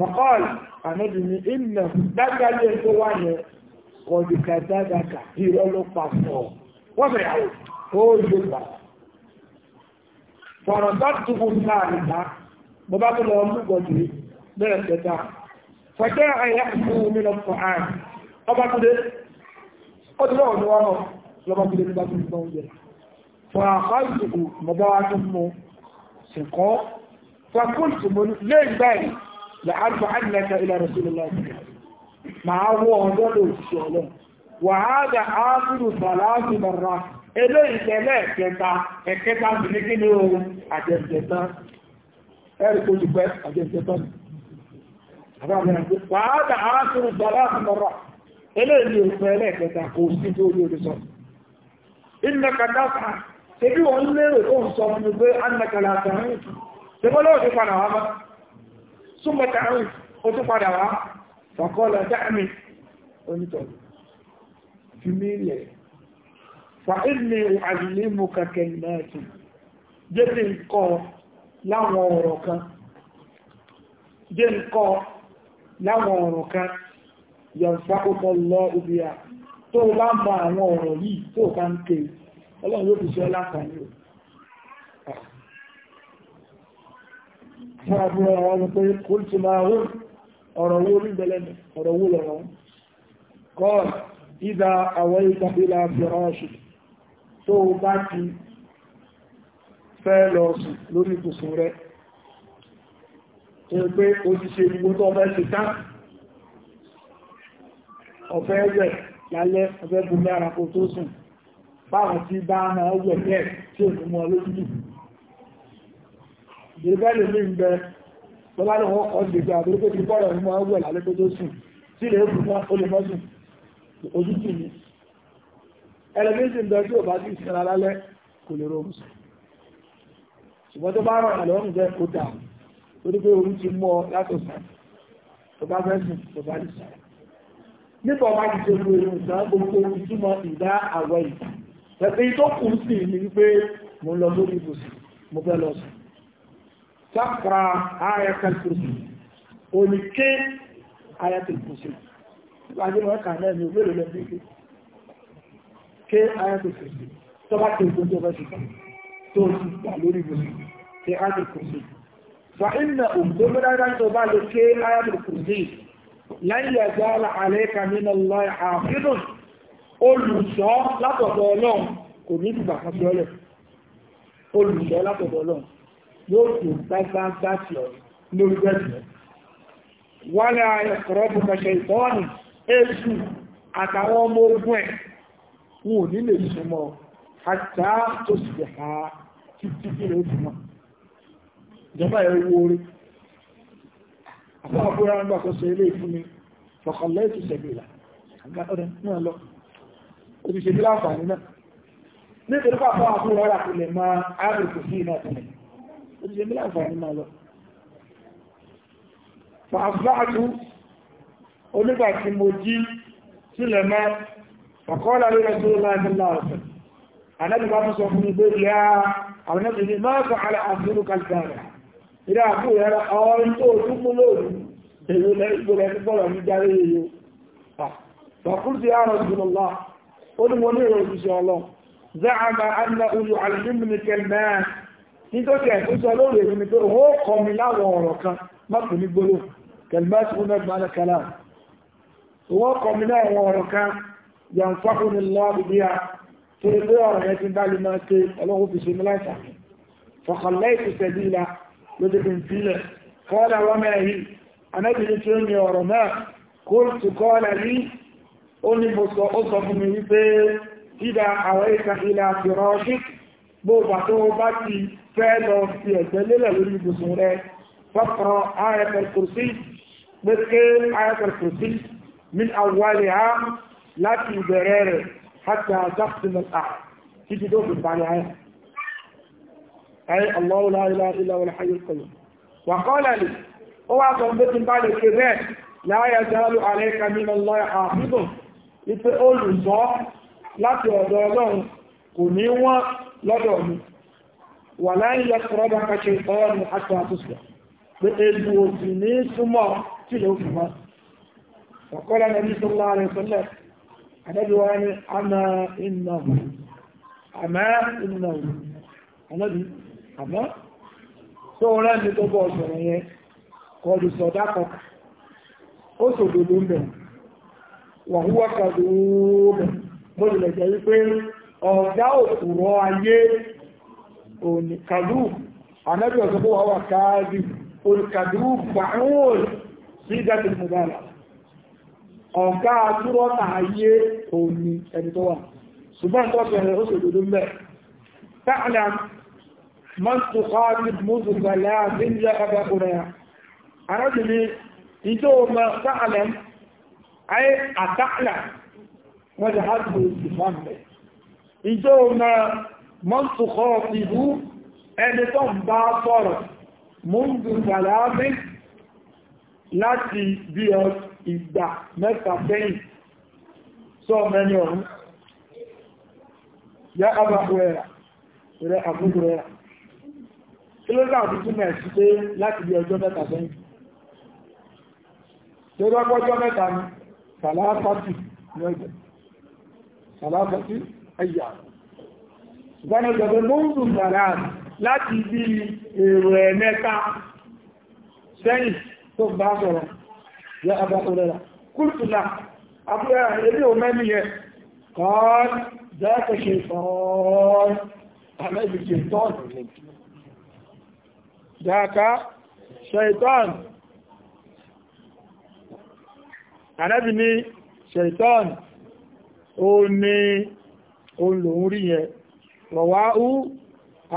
Fọ́kọ́ọ̀lù ànábì ní ìnà dágbàlẹ̀ ẹgbẹ́ wà yẹn kọ̀dùkà dágbàkà ìrọ́ ló pa fọ́. Wọ́n bẹ̀rẹ̀ àwọ̀ ó yé gbà. Fọ̀rọ̀ tó tukù náà nìta, mo bá tó lọ mú gbọ̀dù bẹ́ẹ̀ tẹ̀ta. Fọ̀tẹ́ àyà fún mi lọ fọ̀ àn. Ọba tó dé, ó ti lọ́wọ́ ní wọn lọ, lọ́ba tó dé ní bá tó gbọ́ Fọ̀rọ̀ àkọ́ ìtùkù mo bá wá tó mú sìnkọ́. Fọ̀kúntù mo lé ìgbà yìí làárùfà àdìlẹ́kà ilẹ̀ rasulullah máa wọ ọjọ́ lè ṣiṣẹ́ ọlọ́ wàhálà áàfìrù sàlásì bàrà elé ìtẹ̀lẹ̀ ẹ̀kẹta ẹ̀kẹta sì ní kí ni o àjẹ̀jẹ̀ta ẹ̀rì kò jùpẹ́ àjẹ̀jẹ̀ta ni wàhálà áàfìrù sàlásì bàrà elé ìtẹ̀lẹ̀ ẹ̀kẹta kò sí tó orí orí sọ Ṣébí wọn lérò tó ń sọ fún mi pé Annakala àtàrin ìtù. Ṣébọ́lọ́wọ́ ti padà wá máa. súnmọ́ tààrùn ó tún padà wá fàkọ́lọ̀ dáàmì onítọ̀ fi mírí ẹ̀ fà ìlú àdìlímù kàkẹ́ ìmáàtì jẹ́bí nǹkan láwọn ọ̀rọ̀ kan jẹ́ nǹkan láwọn ọ̀rọ̀ kan yọ̀nfà ọkọ̀ lọ ibi à tó bá àwọn ọ̀rọ̀ yìí tó bá ń ké ọlọ́run yóò fi fún àbúrò àwọn ọmọ pé kò tí máa rú ọ̀rọ̀ owó orílẹ̀-èdè ọ̀rọ̀ owó lọ́rọ̀ kọ́ọ̀ ìdá àwọn ìtàbílà fìránṣì tó bá ti fẹ́ lọ sùn lórí ìbùsùn rẹ̀ tó pé ó ti ṣe ìgbó tó ọfẹ́ ti tán ọfẹ́ ẹgbẹ̀ lálẹ́ ọfẹ́ bùnmí àràkò tó sùn báwọn ti bá máa ẹgbẹ̀ bẹ́ẹ̀ tí ò ìrìbẹ́lì ní ń bẹ tó bá lọ́wọ́ kọ́ gbègbè àbúrúkú ti bọ́rọ̀ ní mọ́ ọgbẹ̀ lálẹ́ tó tó sùn tí lè kù mọ́ ó lè mọ́ sùn ojú tì ní ẹlẹ́mẹ́sì ń bẹ tí ò bá sí ìsinmi alálẹ́ kò lè rọrùn sùn ṣùgbọ́n tó bá rọ̀ àlọ́rùn bẹ́ẹ̀ kó dà torí pé orí ti mú ọ taqra ayatul kursi oníké ayatul kursi láàrin ọkà lẹ́nu mélòó lẹ́nu ké ayatul kursi tó bá tẹ ìgbóntó bá ti kàn tó ti gbà lórí ibùsùn ké ayatul kursi fa inna òmùtó mẹ́rẹ́dá tó bá lè ké ayatul kursi lan yazala alayka minallahi hafidun olùṣọ́ látọ̀dọ̀ ọlọ́run kò ní ìgbà kan sí ọlẹ̀ olùṣọ́ látọ̀dọ̀ ọlọ́run yóò tó gbágbágbá sí ọ lórí bẹ́ẹ̀ wọ́n lè ayọ̀ kọ̀rọ̀ bù kẹsẹ̀ ìtọ́ọ̀nì èṣù àtàwọn ọmọ ogun ẹ̀ wọn ò ní lè súnmọ́ àtà tó sì lè ha títí kí ló dùn mọ́ ìjọba ẹ̀ wo orí nítorí pàpọ̀ àbúrò rárá kò máa áàrùn kò sí iná tẹ̀lé ó ti ṣe mí láǹfààní máa lọ fàáfáàtú onígbà tí mo jí sílẹ̀ mọ́ ọ̀kọ́lá lórí tó láàrínlá ọ̀sẹ̀ anábìbá tó sọ fún ibé ilẹ̀ àwọn ẹ̀bìn ní máa sọ àrẹ àfihàn kàtàrà ilẹ̀ àkú ẹ̀rọ ọ̀rin tó tún mú lóòrù èyí lẹ́gbẹ̀rẹ̀ nígbọ̀rọ̀ ní darí èyí ọkùn ti àrọ̀ jùlọ ó ní mo ní ìròyìn ìṣẹ́ ọlọ́ nítorí ẹ̀kú sọ lórí èyí ni pé ó kọ́ mi láwọn ọ̀rọ̀ kan mọ́kù ní gbóló kẹlmẹ́sì fún mẹ́gbà alákàlá ó kọ́ mi láwọn ọ̀rọ̀ kan yàn fákúnni lọ́rù bí a tó ilé ọ̀rọ̀ yẹn ti bá lè máa ṣe ọlọ́run fi ṣe mílẹ́sà fọ̀kànlẹ́ ìpìsẹ̀ bí ilá ní mo sọ ó sọ fún mi wípé ìdá àwọn ìkàkìlà fìrọ́ọ̀ṣì gbogbo àtọ́wọ́ bá ti fẹ́ lọ fi ẹ̀gbẹ́ lélẹ̀ lórí ibùsùn rẹ̀ fọ́kàn ayatul kursi pẹ́kẹ́ ayatul kursi min awwali ha láti ìbẹ̀rẹ̀ rẹ̀ hátà dákùtìmọ̀ta títí tó fi parí ayà ayé Allahu la ilaha illa huwal hayyul qayyum wa qala li ó wá sọ pé tí n bá lè ṣe bẹ́ẹ̀ láyé ní wọ́n lọ́dọ̀ mi wà láyé yẹ́kọ̀rọ̀ kàṣẹ ìfọwọ́ ní àtúnṣe pé egbò òsì ní súnmọ́ tí ló fi mọ́ ọ̀kọ́lá nàbí sọ́lá rẹ̀ sọ́lẹ̀ àdábí wa ní òkúrọ̀ ayé òní kàdúù anábì ọ̀sán bó wà wà káàdì olùkàdúù gbàáwòrì sí ìdájì mọ̀bálà ọ̀gá àtúrọ̀ náà yé òní ẹni tó wà ṣùgbọ́n tó bẹ̀rẹ̀ ó ṣèdòdó mẹ́ tààlà mọ́sù kọ́ọ̀tì mọ́sùgbàlá bí ń yá ọgbà kúrẹ́ mọ́sùkọ́ ìbú ẹni tó ń bá sọ̀rọ̀ múndù sàlámí láti bí ọ ìgbà mẹ́ta sẹ́yìn sọ mẹ́ni ọ̀run yá abúrẹ́ra rẹ̀ abúrẹ́ra kí ló dáa tuntun mẹ́ sí pé láti bí ọjọ́ mẹ́ta sẹ́yìn tó bá pọ́jọ́ mẹ́ta ni sàlámí ẹ̀yà ṣùgbọ́n ẹgbẹ̀ tó mọ́ ń sùn bàrá láti bí èrò ẹ̀mẹ́ta sẹ́yìn tó bá sọ̀rọ̀ yẹ abá orẹ́ra kúrùtùlá abúrẹ́ra ebí o mẹ́ni yẹ kọ́ọ̀n jẹ́ẹ̀kọ́ ṣe tọ́ọ̀n àmẹ́bì ṣe tọ́ọ̀n jẹ́ẹ̀ká ṣe tọ́ọ̀n àmẹ́bì ní òun yẹn rọ̀wáhú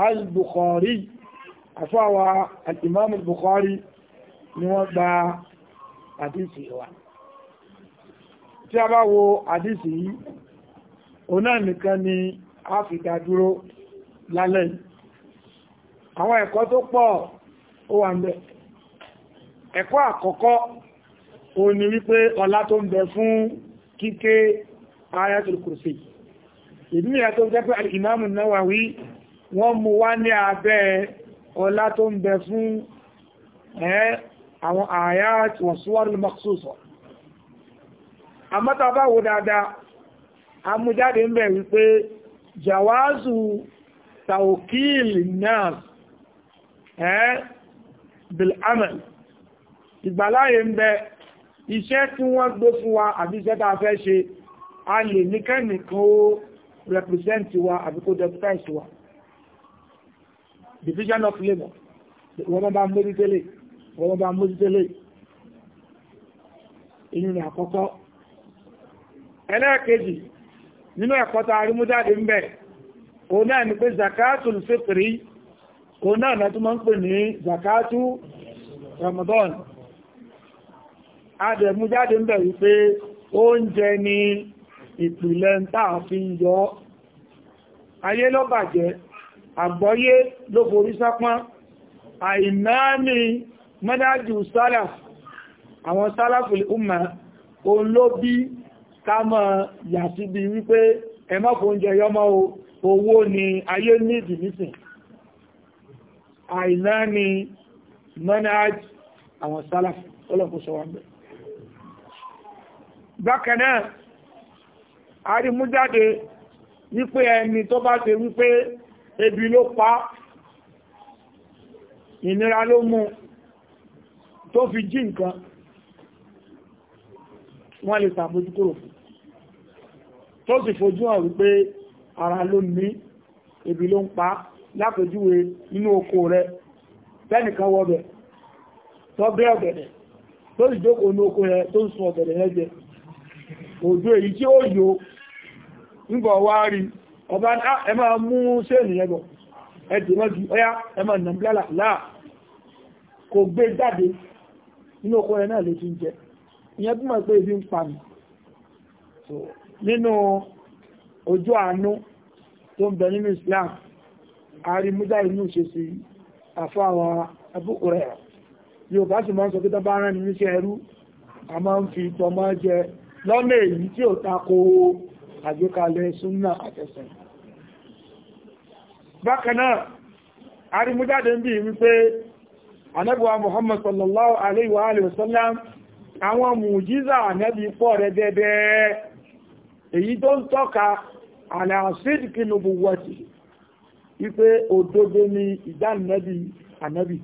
al-bukhari àfọwà al-imam al-bukhari ni wọ́n gba àdísì wa tí a bá wo àdísì yìí oná nìkan ni a fi dá dúró lálẹ́ àwọn ẹ̀kọ́ tó pọ̀ ó wà ń ẹ̀kọ́ àkọ́kọ́ ó ní wípé ọlá tó ń bẹ fún kíké ayatul kursi yìí ìdí nìyà tó jẹ́ pé alìmáàmù Nawawi wọ́n mú wá ní abẹ́ ọlá tó ń bẹ fún àwọn àyà wọ̀n súwárù mọ́kúsùsọ̀ àmọ́ta bá wo dáadáa amújáde ń bẹ̀ wípé jawazu tawkil nas bil'amal ìgbàláyé ń bẹ iṣẹ́ tí wọ́n gbé fún wa àbíṣẹ́ fẹ́ ṣe a lè níkẹ́ nìkan ó represent wa àbí kó deputize wa division of labour wọ́n bá mójú tẹ́lẹ̀ wọ́n bá mójú tẹ́lẹ̀ inú ni àkọ́kọ́ ẹlẹ́ẹ̀kejì nínú ẹ̀kọ́ ta arímújáde ń bẹ̀ òun náà ni pé zakatul fitri òun náà náà tó máa ń pè ní zakatu ramadan adẹ̀mújáde ń bẹ̀ wípé oúnjẹ ni ìpìlẹ̀ ń tàà fi ń yọ ọ́ ayé ló bàjẹ́ àgbọ́yé ló borí sápán àìnáàmì mọ́dájú sálàf àwọn sálàfù umma òun ló bí ká mọ̀ yà síbi wípé ẹmọ́kù oúnjẹ yọmọ́ owó ni ayé ní ìdìmísìn àìnáàmì mọ́dájú àwọn sálàfù ọlọ́pùsọ̀wọ́n bẹ̀ bákan arimújáde wípé ẹni tó bá ṣe wípé ebi ló pa ìnira ló mú tó fi jí nǹkan wọ́n lè sàbójúkúrò fún tó sì fojú hàn wípé ara ló ní ebi ló ń pa lápèjúwe nínú oko rẹ̀ tẹ́nìkan wọ́bẹ̀ tó bẹ́ ọ̀gẹ̀dẹ̀ tó sì jókòó ní oko rẹ̀ tó ń sun ọ̀gẹ̀dẹ̀ yẹn jẹ òjò èyí tí ó yóò nígbọ̀ wá rí ọba ah, ẹ máa mú sẹ́ẹ̀nì ẹgbọ̀ ẹ̀dì mọ́jú ọyá ẹ máa nà bílá láà kò gbé jáde inú ọkọ̀ ẹ̀ náà ló ti ń jẹ ìyẹn túnmọ̀ pé ibi ń pa mi nínú ojú àánú tó ń bẹ nínú Islam àrímúdá inú ṣe sí àfáwà abúkù rẹ̀ yóò bá sì máa ń sọ pítọ́ bá rán ní iṣẹ́ ẹrú a máa ń fi tọmọ jẹ lọ́nà èyí tí ò tako àgbékalẹ̀ súnnà àtẹ̀sìn bákanáà arimújáde ń bí wípé anábíwa Muhammad sallallahu alaihi wa alihi wasallam àwọn mùjíza anábí pọ̀ rẹ̀ dẹ́dẹ́ èyí tó ń tọ́ka aláàsídìkì nubuwati wípé òdodo ni ìdánilẹ́bí anábí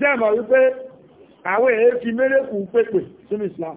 jẹ́ mọ̀ wípé àwọn èé fi mérékù pépè sínú Islam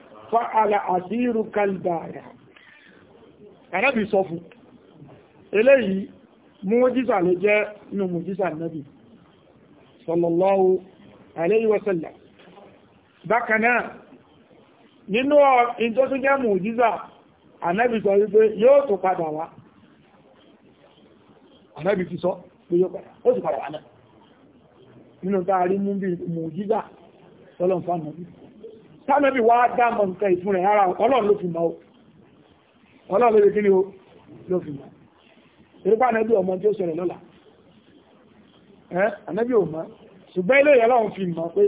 fa'ala àṣírù kalbàrà arábì sọ fún eléyìí mújísà ló jẹ́ inú mújísà náàbì sallallahu alayhi wa sallam bákanáà nínú ìjọ tó jẹ́ mújísà anábì sọ wípé yóò tó padà wá anábì ti sọ pé yóò padà ó sì padà wá náà nínú táàrí bí mújísà tánàbí wá dámọ̀ nǹkan ìfún rẹ̀ ara ọlọ́run ló fi mọ́ ọlọ́run lórí kí ni ó ló fi mọ́ ìrúbá anábí ọmọ tí ó ṣẹlẹ̀ lọ́la ẹ́ anábí ò mọ́ ṣùgbọ́n ilé ọlọ́run fi mọ́ pé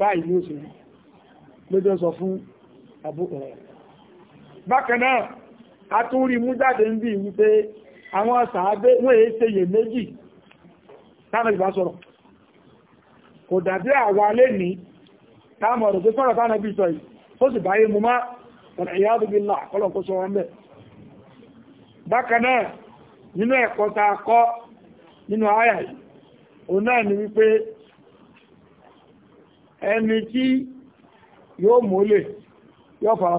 báyìí ló ṣe mọ́ lójó sọ fún àbúkọ rẹ̀ bákan náà a tún rí mú jáde ń bí wípé àwọn sàábé wọ́n káàmọ̀rọ̀ tó sọ́rọ̀ tánà bí sọ́yí ó sì báyé mú má ọ̀nà ìyáàdù bí là kọ́lọ̀ nínú ta nínú àyà yìí ni wípé ẹni yóò fara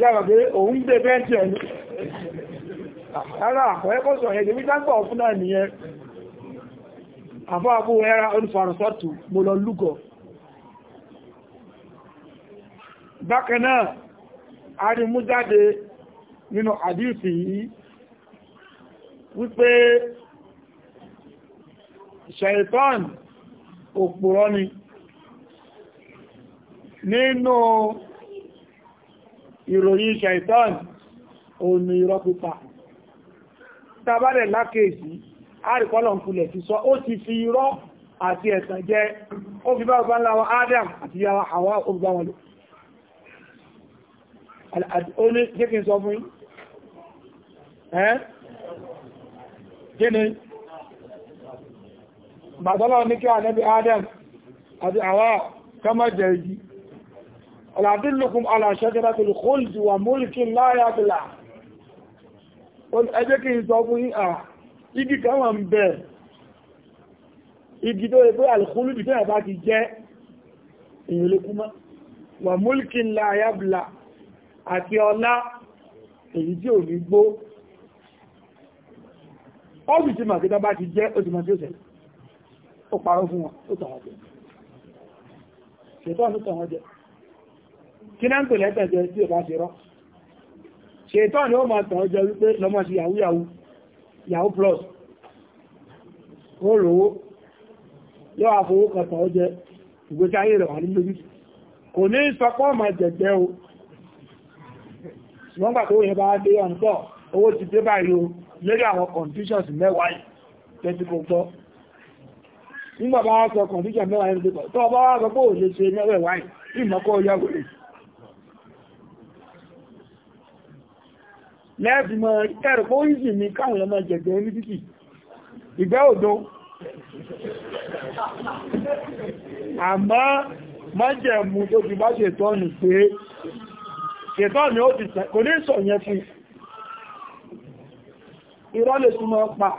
jẹ́rọ̀ pé òun gbé bẹ́ẹ̀tì ẹ̀lú ara àpọ̀ ẹkọ́ sọ ẹ̀dẹ̀ mítà ń pọ̀ fún náà nìyẹn àfọ́ àbú ẹra olùfàrọ̀sọ́tù mo lọ lúgọ̀ bákan náà a rí mú jáde nínú àdífì yìí wípé ṣẹ̀tọ́n òpùrọ́ ni nínú no, ìròyìn ṣàìtàn òní irọ́ pípa tàbádẹ̀ lákèèsí àríkọ́lọ̀ ń kulẹ̀ ti sọ ó ti fi irọ́ àti ẹ̀tàn jẹ ó fi bá ọba ńlá wa Adam àti yàwó Hawa ó gbá wọn lò ó ní jẹ́ kí n sọ fún ẹ́ kí ni bàtọ́lọ́ ní kí Ànábì Adam àti Hawa kọ́mọ̀ jẹ́ yìí aládìlùkùn aláṣẹ́jẹ́ra tó lè kóòlù wà múlìkì láyàbìlà ẹjẹ́ kí n sọ fún ìhà igi kan wà ń bẹ̀ igi tó rẹ̀ pé alìkúlù jùtẹ́ ẹ̀bá ti jẹ́ ìrìnlẹ́kúnmá wà múlìkì láyàbìlà àti ọlá èyí tí ò ní gbó ọ́bì tí màkítà bá ti jẹ́ òtìmọ̀ wọ́n jẹ́ kí náà ń pè lẹ́tẹ̀ jẹ tí ò bá ṣe rọ́ ṣètọ́ ni ó máa tàn ọjọ́ wípé lọ́mọ sí yahoo yahoo yahoo plus ó lówó yóò àfowó kan tàn ọjọ́ ìgbésí ayé rẹ̀ wà ní lójú kò ní sọpọ́ ọmọ jẹ̀jẹ́ o ṣùgbọ́n pàtó yẹn bá dé ọ̀n pọ̀ owó ti dé báyìí o lórí àwọn conditions mẹ́wàá yìí tẹ́tí wá sọ condition mẹ́wàá yìí tó bá wá sọ pé òṣèṣe mẹ́wàá yìí ìmọ̀kọ́ yàgò lè lẹ́ẹ̀fì mọ̀ ẹ̀rù kó ìsì ní káwọn lọ máa jẹ̀gbẹ̀ ní títì ìgbẹ́ òdó àmọ́ májẹ̀mú tó ti bá ṣètọ́nù pé ṣètọ́nù ó ti kò ní sọ yẹn fún irọ́ lè súnmọ́ pa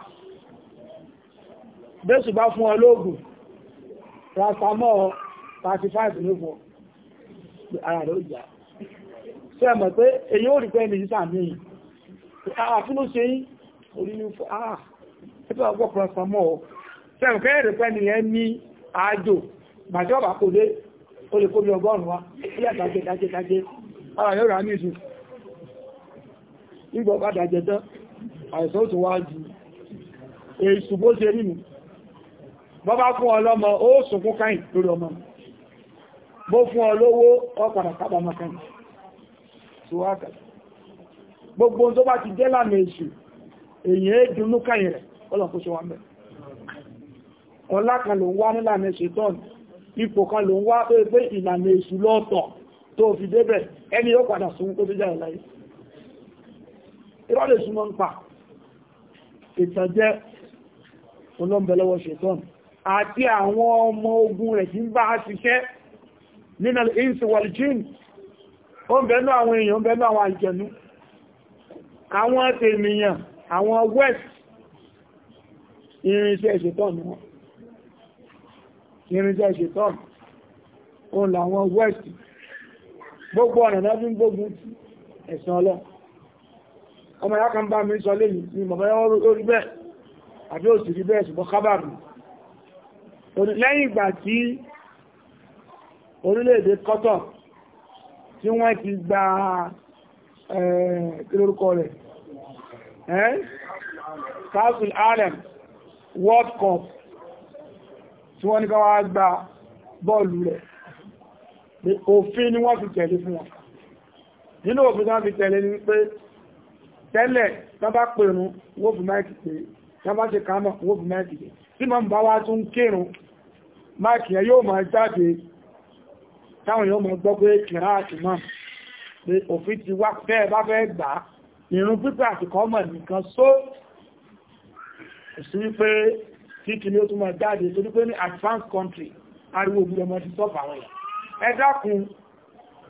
bẹ́sù bá fún ọlọ́gùn rasamọ́ 35 ló fún ara rẹ̀ ó jà sẹ́mọ̀ pé èyí ó rí pẹ́ ní ìsàmì yìí àà ah, kí ló ṣe yí orí ah, ní fún àà ẹgbẹ́ ọgbọ́ paracetamol ọ̀ sẹ́rùn kẹ́rẹ̀ rẹ̀ pẹ́ nìyẹn ní àájò bàjọ́bà kò dé ó lè kóbi ọgọ́rùn wa bí àdájẹ́ dájẹ́ dájẹ́ ara yóò rà ní ìṣù nígbọ̀ bá dájẹ́ tán àìsàn ó tún wá ju èṣù bó ṣe nínú bọ́ bá fún ọlọ́mọ ó sùnkún káyìn lórí ọmọ bó fún ọlọ́wọ́ ọ padà kábàmọ́ káyìn tí wá kàtà gbogbo tó bá ti jẹ́ lànà èṣù èyàn èdùnú kàyìn rẹ̀ ọlọ́pọ̀ṣọ́ wa mẹ́ ọlá kan ló ń wá nílànà ṣetán ipò kan ló ń wá pé pé ìlànà èṣù lọ́ọ̀tọ̀ tó fi débẹ̀ ẹni yóò padà sún kó tó jáde láyé ìrọ́lẹ̀ súnmọ́ ń pa ìtànjẹ́ olóńbẹ̀lọ́wọ́ ṣetán àti ó ń bẹ̀ẹ́nú àwọn èèyàn ń bẹ̀ẹ́nú àwọn àìjẹ̀nú àwọn tèmìyàn àwọn west irinṣẹ́ ìṣètọ́nù wọn irinṣẹ́ ìṣètọ́nù òun làwọn west gbogbo ọ̀nà náà fi ń gbógun ti ẹ̀sàn ọlọ́ ọmọ ìyá kan bá mi sọ lẹ́yìn ni bàbá yọ́ orí bẹ́ẹ̀ àbí òsì rí bẹ́ẹ̀ ṣùgbọ́n kábàrù lẹ́yìn ìgbà tí orílẹ̀-èdè kọ́tọ̀ tí wọ́n ti gba Eh, kí lórúkọ rẹ̀ council eh? Harlem world cup tí wọ́n ní ká wá gba bọ́ọ̀lù rẹ̀ òfin ni wọ́n fi tẹ̀lé fún wọn nínú òfin tán fi tẹ̀lé ní pé tẹ́lẹ̀ tán bá pèrún wọ́n fi máìkì pé tán bá ṣe kàánà wọ́n fi máìkì pé tí ma ń bá wá tún kírun máìkì yóò máa jáde táwọn yóò máa gbọ́ pé kìrá àti máa pé òfin ti wá fẹ́ bá fẹ́ gbà ìrun pípẹ́ àti kọ́mọ̀ nìkan só sí wípé tí kìí ó túnmọ̀ jáde torí pé ní advanced country ariwo ògbìyàn mọ́ ti sọ́pọ̀ àwọn èèyàn ẹ dákun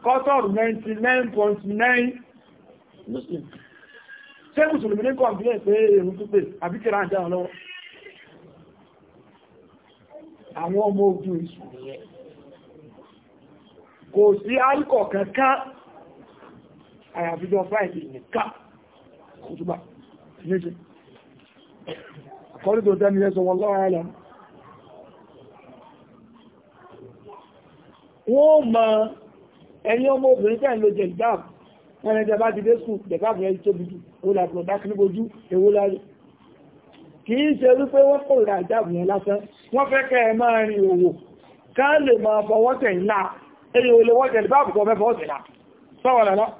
kọ́tọ̀rù 99.9 muslim ṣé mùsùlùmí ní kọ̀m̀bílẹ̀ pé ìrun pípẹ́ àbí kìí ráǹdà lọ́wọ́ àwọn ọmọ ogun ìṣù nìyẹn kò sí alcohol kankan àyàfíjọ́ friday nìkan kòtùbà méje àkọ́rí tó tẹ́ni lẹ́sọ wọn lọ́wọ́ ààlẹ́ wọ́n mọ ẹni ọmọ obìnrin tẹ́ ló jẹ ìgbà wọn ẹjẹ bá ti dé sùn jẹ̀ká fún ẹni ó lè máa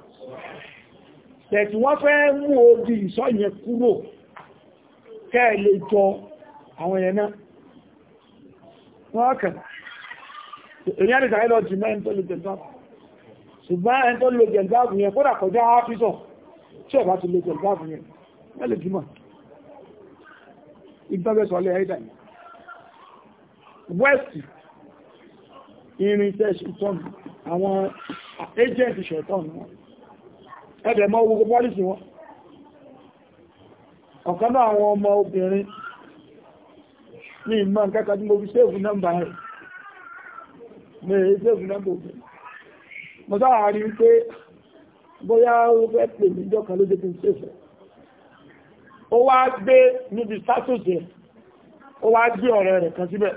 tẹ̀tù wọ́n fẹ́ mú odi ìṣọ́ yẹn kúrò kẹ́ẹ̀ lè jọ àwọn yẹn náà wọ́n kàn èyí àríkà ẹlọ jù mẹ́ tó lè jẹ̀lbáàbù ṣùgbọ́n ẹni tó lè jẹ̀lbáàbù yẹn kódà kọjá áfíṣọ̀ tí ọ̀bá ti lè jẹ̀lbáàbù yẹn mẹ́lẹ̀ jùmọ̀ ìgbẹ́gbẹ́sọ̀lẹ̀ ẹ̀dà west irinṣẹ́ ṣùtọ́nù àwọn agent ṣẹ̀tọ́nù wọn ẹ̀dẹ̀ mọ́ gbogbo pọ́lìsì wọn ọ̀kan àwọn ọmọ obìnrin ní ìmọ̀ kẹ́kọ̀ọ́ tí mo fi sèèfù nọ́mbà rẹ̀ ní èyí nọ́mbà obìnrin mo sáà rí pé bóyá ó fẹ́ pè mí jọ́kan ló ó wá gbé níbi sásòsì ó wá gbé ọ̀rẹ́ rẹ̀ kan síbẹ̀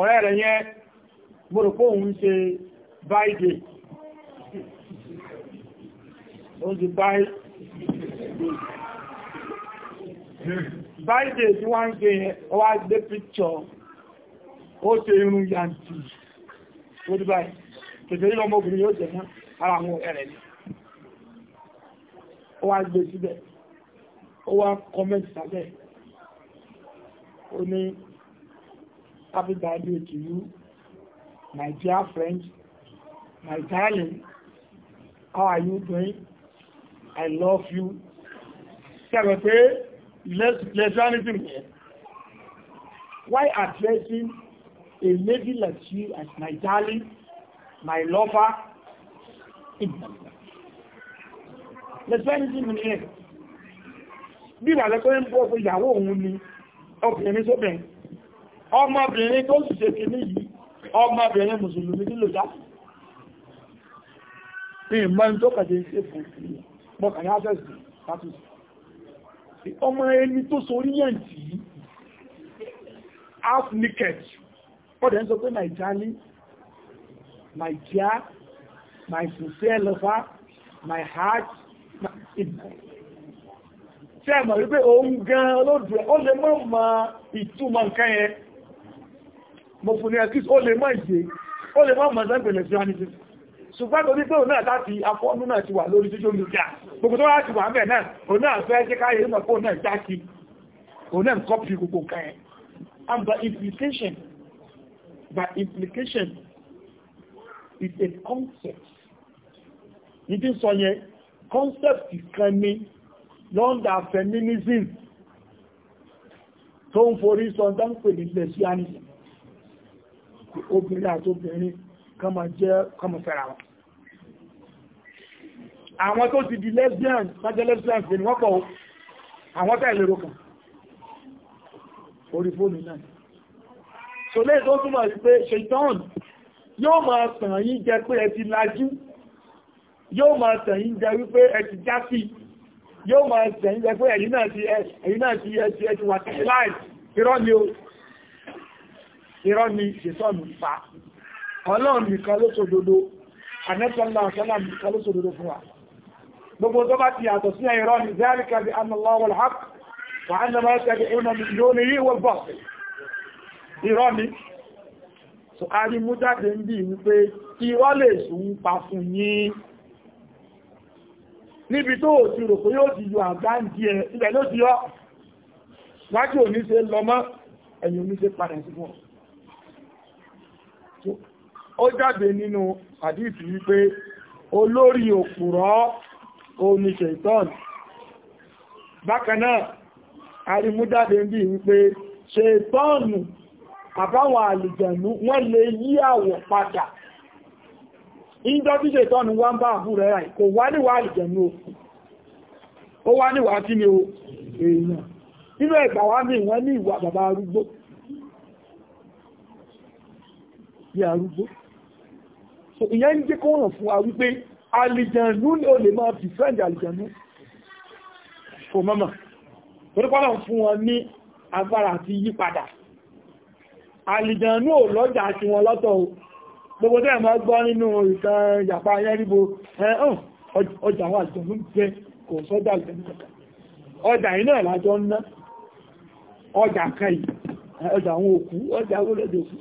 ọ̀rẹ́ rẹ̀ yẹn ó di báyìí tí wọ́n ń gbé yẹn ó wá gbé píkṣọ́ ó ṣe irun yàntì ó di báyìí kèfèé ní ọmọbìnrin yóò jẹ fún ara àwọn ẹ̀rẹ̀ ní ó wá gbé síbẹ̀ ó wá kọmẹ́ntì sábẹ̀ ó ní happy birthday to you my dear friend my darling how are you doing I love you sẹ́rẹ̀ pé anything here. why addressing a lady like you as my darling my lover Let's lesbianism yẹn bí ìwàlẹ́ tó ń bọ́ fún ìyàwó òun ni obìnrin sóbìnrin ọmọbìnrin tó sì ṣe kìí yìí ọmọbìnrin mùsùlùmí nílò já ìmọ̀ tó kàdé ṣe fún ìyàwó mọ́kànlá access to status ọmọ ẹni tó sorí yẹn tí half naked ọdẹ ń sọ pé nàìjíríà ní nàìjíríà my sincere lover my heart tí a mọ̀ wípé òun gan olóòdù ẹ̀ ó lè mọ́ mọ́ ìtumọ̀ nǹkan yẹn mo fún ní ẹ̀kí ó lè mọ́ ìdè ó lè mọ́ mọ̀ sẹ́gbẹ̀lẹ̀ sí ánìtìsì ṣùgbọ́n torí pé òun náà láti afọ́nú náà ti wà lórí tó lórí ìjà gbogbo tó láti wà mẹ́ náà òun náà fẹ́ jẹ́ káyé mọ̀ pé òun náà jákí òun náà kọ́pì gbogbo kan and by implication by implication is a concept ìdí sọ yẹn concept kan ní london feminism tó ń forí sọ dáńpẹ̀ nílẹ̀ sí àníṣẹ́ obìnrin àti obìnrin kọmọ jẹ́ kọmọ fẹ́ra wọn àwọn tó ti di lesbian sájẹ́ lesbian fi ni wọ́n pọ̀ àwọn tẹ́ ìlérò kan orí fóònù náà so lè tó túnmọ̀ sí pé ṣetán yóò máa tàn yín jẹ pé ẹ ti lajú yóò máa tàn yín jẹ wípé ẹ ti jásí yóò máa tàn yín jẹ pé ẹ̀yìn náà ti ẹ̀yìn náà ti ẹ ti wà tẹ̀láì irọ́ ni ṣetán fa ọlọ́run nìkan ló sòdodo ànẹ́sọ́lá ọ̀sọ́lá nìkan ló sòdodo fún wa gbogbo tó bá ti yàtọ̀ sí ẹ̀rọ ní zálìkà bí anàláwọ̀ alhaq wà á nàbà tẹ̀lé ìrìnà yóò ní yíwọ̀ bọ̀ irọ́ ni so a rí mú jáde ó jáde nínú àdíìtì wípé olórí òpùrọ́ òní ṣètọ́n bákanáà arimúdáde ń bí wípé ṣètọ́nù àbáwọn àlìjẹ̀nú wọ́n lè yí àwọ̀ padà ìjọ tí wá ń bá àbú rẹ̀ kò wá níwá àlìjẹ̀nú o èèyàn nínú ẹ̀gbà wá ní ìwọ́n ní ìwà bàbá arúgbó bí arúgbó so ìyẹn ń jẹ́ kó hàn fún wa wípé alìjẹ̀nú ni ó lè máa fi fẹ́ǹdì alìjẹ̀nú kò mọ́mọ̀ torípọ́lá fún wọn ní agbára àti yípadà alìjẹ̀nú ò lọ́jà sí wọn lọ́tọ̀ gbogbo tẹ́ mọ́ gbọ́ nínú ìtàn ìjàpá ayẹ́ríbo ẹ̀hàn ọjà àwọn àjẹ̀nú jẹ́ kò sọ́jà alìjẹ̀nú kankan ọjà iná ìlàjọ ń ná ọjà kan yìí ọjà àwọn òkú ọjà olóòdòkú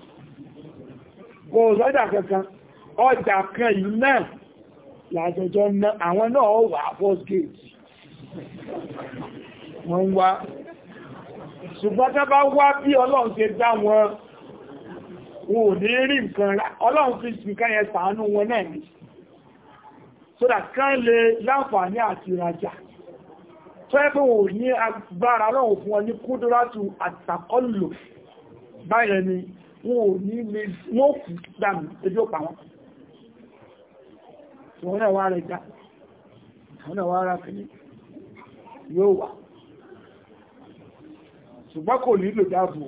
kò sọ́jà kankan ọjà kan yìí náà làjọjọ́ ná àwọn náà wà first gate wọ́n wá ṣùgbọ́n tá bá wá bí ọlọ́run ṣe dá wọn wọn ò ní rí nǹkan rá ọlọ́run fi nǹkan yẹn ṣàánú wọn náà ní so that kán lè láǹfààní àti ìrajà tó ẹ́ pé wọn ò ní agbára ọlọ́run fún wọn ní kúdúrátù àtàkọlù báyẹ̀ ni wọn ò ní wọ́n kú dànù ẹjọ́ pa wọn wọ́n náà wá rẹ̀ já wọ́n náà wá rà kìíní yóò wà ṣùgbọ́n kò nílò dáàbò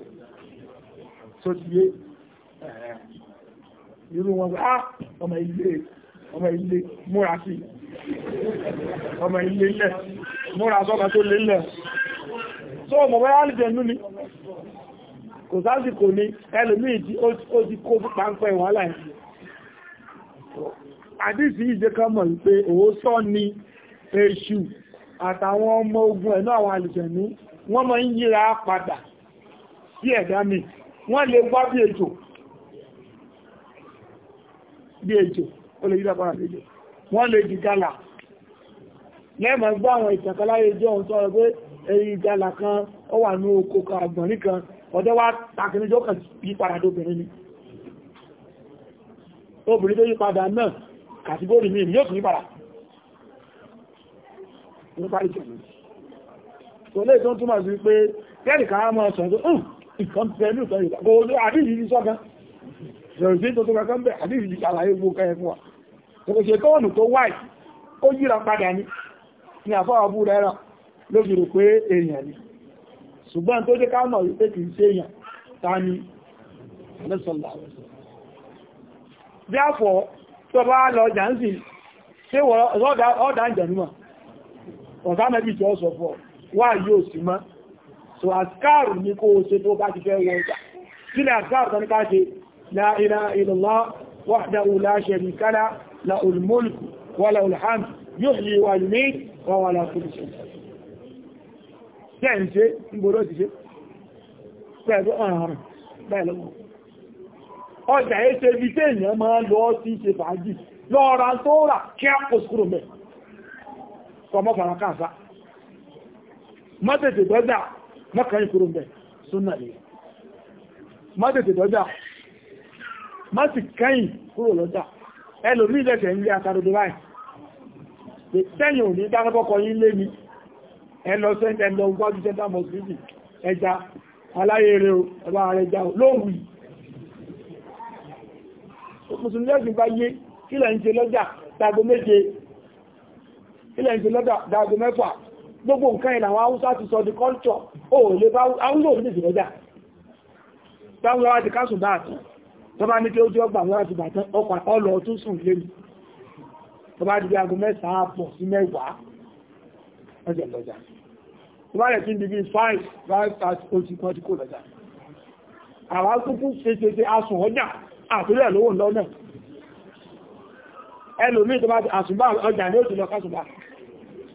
tó ti yé irú wọn bá ah, ọmọ ilé ọmọ ilé múra sí ọmọ ilé ilẹ̀ múra sọ́kà tó lé lẹ̀ tó ọmọ bá yálìjẹ̀ nú ni kò sáàsì kò ní ẹlòmíì tí ó ti kó pàǹpẹ́ ìwọ́n láì àdísì ìjẹ́kọ́mọ̀ wípé òótọ́ ni èṣù àtàwọn ọmọ ogun ẹ̀nà àwọn àlùjẹ̀nú wọ́n máa ń yíra padà sí ẹ̀dá mi wọ́n lè wá bí ètò bí ètò ó lè yíra padà bí ètò wọ́n lè di gálà lẹ́mọ̀ gbọ́ àwọn ìtàkàláyé jọ ohun tọ́rọ pé èyí gálà kan ó wà ní oko kan àgbọ̀nrín kan ọdẹ́ wá takìníjọ́ kan yípadà tó obìnrin ni obìnrin tó yípadà náà kàtígórì mi yóò tún níbàrà ní parí tẹ̀lú tó lè tó túnmọ̀ sí pé kẹ́rì kan mọ́ ọ̀sán tó ń ìkan pẹ̀lú ìtọ́ ìgbà kò àdíjì ní sọ́kan ṣẹ̀rù sí tó tó kankan bẹ̀ àdíjì ní àlàyé gbogbo kẹ́yẹ fún wa tó bá lọ jàǹsì ṣe ọ̀dá ìjẹ̀númọ̀ ọ̀gá mẹ́bí jọ sọ fọ́ wà yóò sí mọ́ so àṣkáàrù ní kó ṣe tó bá ti fẹ́ wọ ọjà sílẹ̀ àṣkáàrù kan ká ṣe la ilaha illallah wahdahu la sharika lah ọjà ẹsẹ̀ ibi tí èèyàn máa lọ sí ṣe fàájì lọ́ọ̀ra tó rà kí á kò skúrò mẹ́ kọmọ́ fara mọ́tẹ̀tẹ̀ dọ́jà mọ́kànlẹ̀ kúrò mẹ́ súnà lè mọ́tẹ̀tẹ̀ dọ́jà mọ́tì kẹ́yìn kúrò lọ́jà ẹlòmí ń lé báyìí lóòrùn mùsùlùmí ẹ̀sìn bá yé kílẹ̀ ń ṣe lọ́jà dàgbò méje kílẹ̀ ń ṣe lọ́jà dàgbò mẹ́fà gbogbo nǹkan ìlà àwọn haúsá ti sọ di culture ó lè bá haúsá òní ìsìn lọ́jà táwọn wá ti káṣù bá àtàn tó bá ní kí ó jẹ́ ọgbà wọn àti bàtán ọkọ̀ ọlọ̀ tún sùn lé mi tó bá di bí aago mẹ́sàn-án pọ̀ sí mẹ́wàá ọjọ́ lọ́jà tó bá rẹ̀ sí ibi bí 5 5 30 ó àtúrẹ́ lówó lọ́nà ẹlòmí tó bá àṣùgbà ọjà ní òtù lọ kásùgbà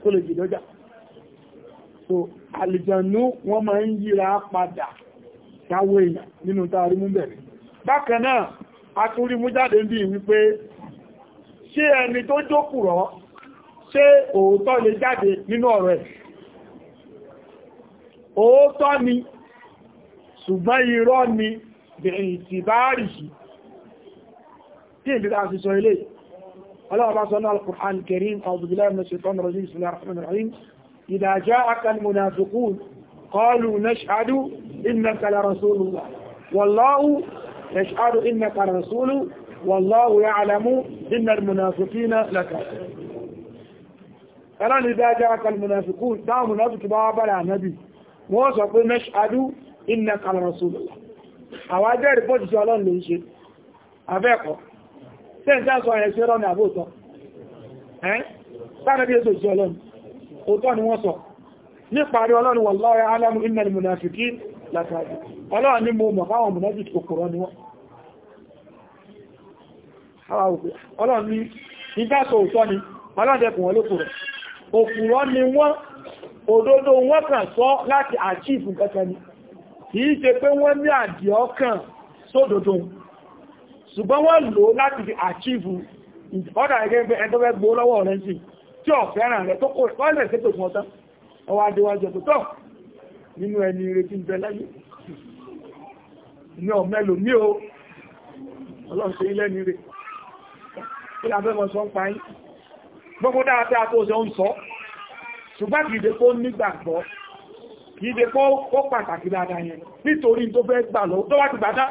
kó lè jìdọ́jà so àlìjànú wọ́n máa ń yíra padà sáwọ́ èèyàn nínú tààrí mú bẹ̀rẹ̀ bákan náà a tún rí mú jáde ń bí wípé ṣé ẹni tó jókùrọ̀ ṣé òótọ́ lè jáde nínú ọ̀rọ̀ ẹ̀ òótọ́ ni ṣùgbọ́n irọ́ ni bẹ̀rẹ̀ ìtìbáàrì yìí tí ìbí káà sí sọ ilé ọlọ́wọ́ bá sọ́nà al-Qur'an Karim ọdúnbílẹ̀ mẹ́sìtọ́n rọ̀jí ìsinmi rahman rahim idha ja'aka al-munafiqun qalu nashhadu innaka la rasulullah wallahu yashhadu innaka rasulu wallahu ya'lamu inna al-munafiqina lakafirun ẹ̀rọ ni dájá kalmunafikú táwọn munafiki bá bára nábi wọ́n sọ pé mẹ́ṣàdú iná kalmar sólọ́lá àwọn ajẹ́ rìpọ́tì sí ọlọ́run lè ṣe abẹ́ẹ̀kọ́ tẹ́ǹtẹ́ ọlọ́run ni mo mọ̀ fáwọn munafiki kòkòrò ni wọ́n ọlọ́run ní ìgbàsọ òótọ́ ni ọlọ́dẹ̀kùn wọn lókùrọ̀ òkùrọ̀ ni wọ́n òdodo wọ́n kàn sọ láti àchífù kẹta ni kìí ṣe pé wọ́n ní àdìọ́kàn sódodo wọn ṣùgbọ́n wọ́n lò láti fi àṣífù ọ̀dà ẹgbẹ́ ẹgbẹ́ gbó lọ́wọ́ rẹ̀ sí tí ọ̀ fẹ́ràn rẹ̀ tó kó ọ̀lẹ̀ sépè fún ọtán ọwọ́ adéwájú ẹ̀kọ́ tọ́ nínú ẹni retí ń bẹ láyé ní ọ̀mẹ́lò ní o ọlọ́run ṣe ilẹ̀ ní rẹ̀ kí lábẹ́ mọ́ sọ ń pa yín gbogbo dáadáa tó ṣe ń sọ ṣùgbọ́n kìí dé kó nígbàgbọ́ kìí dé kó pàtàkì dáadáa yẹn nítorí tó fẹ́ gbà lọ tó wá ti gbàdá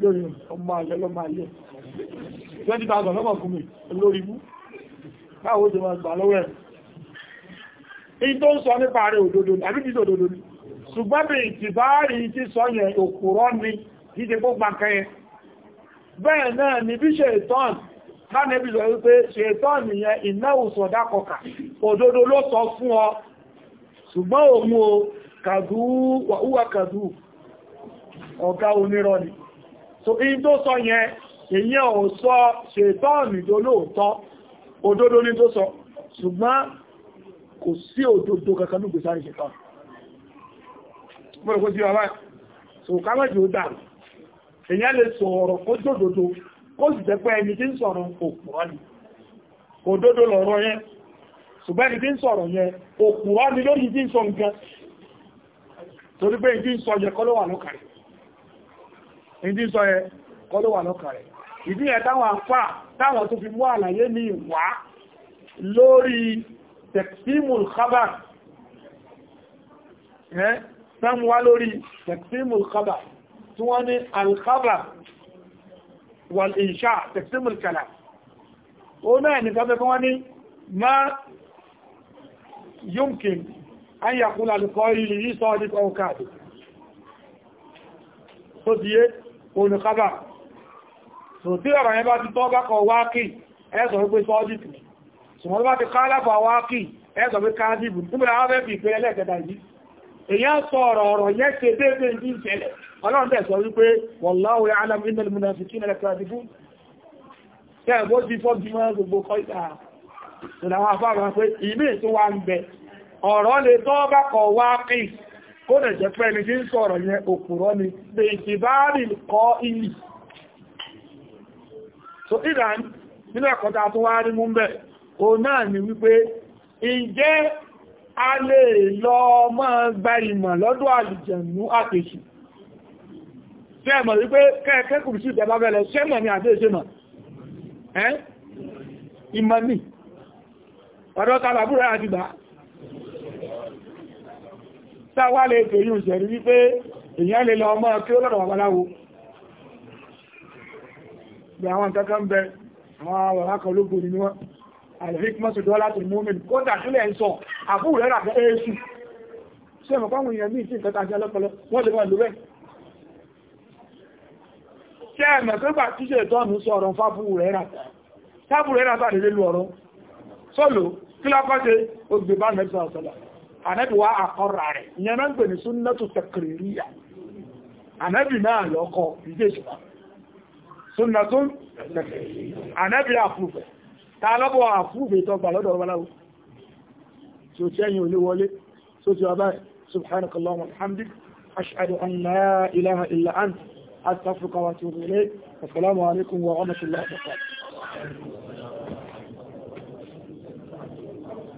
lórí ọmọ alẹ́ lọ́mọ alẹ́ 20,000 lọ́mọ fún mi lórí mú báwo ṣe wọ́n gbà lọ́wọ́ ẹ̀ in tó ń sọ nípa rẹ̀ òdodo àbí kìí òdodo ni ṣùgbọ́n bí ti bá rí tí sọ yẹn òkúrọ́ ni jíjẹ kó gbàǹkẹ́ yẹn bẹ́ẹ̀ náà ni bí ṣètọ́n lánàbí sọ wípé ṣètọ́n nìyẹn ìnáwó sọ̀dá kọkà òdodo ló sọ fún ọ ṣùgbọ́n òun o ọ̀gá onírọ́ ni so in tó sọ yẹn èyí ò sọ ṣètọ́ọ̀nì tó lóòótọ́ òdodo ní tó sọ ṣùgbọ́n kò sí òdodo kankan ní gbèsà ìṣẹ̀tọ́ mọ́rọ̀ kó sí ọlá so kámẹ́jì ó dà èyí lè sọ̀rọ̀ kó jódodo kó sì jẹ́ pé ẹni tí ń sọ̀rọ̀ òpùrọ́ ni òdodo lọ̀rọ̀ yẹn ṣùgbọ́n ẹni tí ń sọ̀rọ̀ yẹn òpùrọ́ ni lórí tí ń sọ nǹkan torí pé ìdí ń sọ yẹ kọ́ ló wà lókàrí ìdí sọ ẹ kọ́ ló wà lọ́kà rẹ̀ ìdí ẹ̀ táwọn àpá táwọn tó fi mú àlàyé ní ìwá lórí tẹ̀ksimul khabar ẹ́ sáwọn wá lórí tẹ̀ksimul khabar tí wọ́n ní alkhabar wal insha tẹ̀ksimul kalam ó náà ní sáfẹ́ fún wọ́n ní ma yumkin an yakula alkọ́ ilé yìí sọ́ọ́dí kọ́ òun kábà so tí ọ̀rọ̀ yẹn bá ti tọ́ bákọ̀ wákì ẹ́sọ̀ wípé sọ́dìtì ṣùgbọ́n bá ti kálápà wákì ẹ́sọ̀ wípé káàdìbù nígbàrá wọ́n fẹ́ fi ìpé ẹlẹ́ẹ̀kẹta yìí èyàn sọ ọ̀rọ̀ ọ̀rọ̀ yẹ́ ṣe déédé ní ìṣẹ̀lẹ̀ ọlọ́run tẹ̀ sọ wípé wallahu ya'lamu innal munafiqina lakadibun tẹ́ ẹ̀bọ́ ti fọ́ bí wọ́n gbogbo kọ́ ìta ìlànà àfáàrà ó rẹ̀ jẹ́ pé ẹni tí ń sọ̀rọ̀ yẹn òpùrọ́ ni pé ìtìbárì kọ́ ìlì so ìdán nínú ẹ̀kọ́ta tó wá rí mú bẹ̀ o náà ni wípé ìjẹ́ a lè lọ máa gba ìmọ̀ lọ́dọ̀ àlùjẹ̀nú àpèṣù tí ẹ mọ̀ ni àti ìṣẹ́mọ̀ ẹ́ ìmọ̀ ni ọ̀dọ́ tàbàbúrẹ́ àti bàá sáwá lè tò yíò ṣẹ̀rí wípé èyàn lè lọ ọmọ kí ó lọ́rọ̀ babaláwo bí àwọn kankan bẹ àwọn àwọn akọlógún ni wọ́n alhikmatu dalatul mu'min kódà sílẹ̀ ń sọ àbúrò rẹ̀ ràgbẹ́ èṣù ṣe mọ̀ fáwọn èèyàn míì sí ìkẹta àti ọlọ́pọlọ wọ́n lè wọ́n lò bẹ́ẹ̀ ṣe ẹ̀mẹ̀ tó gbà tíṣẹ́ ìtọ́nù sọ ọ̀rọ̀ fábúrò rẹ̀ rà fábúrò rẹ̀ rà bá lè lè lu ọ̀rọ̀ sọ́lọ̀ kí lọ́kọ́ ṣe ó gbé bá mẹ́ta ọ̀sọ̀lá ànábì wá àkọ́rà rẹ̀ ìyẹn náà ń pè ní súnnàtù tẹ̀kìrìríyà ànábì náà lọ́kọ́ ìdí ìṣùgbà súnnàtù ànábì àfúfẹ̀ ta lọ́bọ̀ àfúfẹ̀ tó gbà lọ́dọ̀ ọbaláwo tí ó tẹ́yìn olówọlé tó ti wà báyìí subhanakallahu wa hamdik ashhadu an la ilaha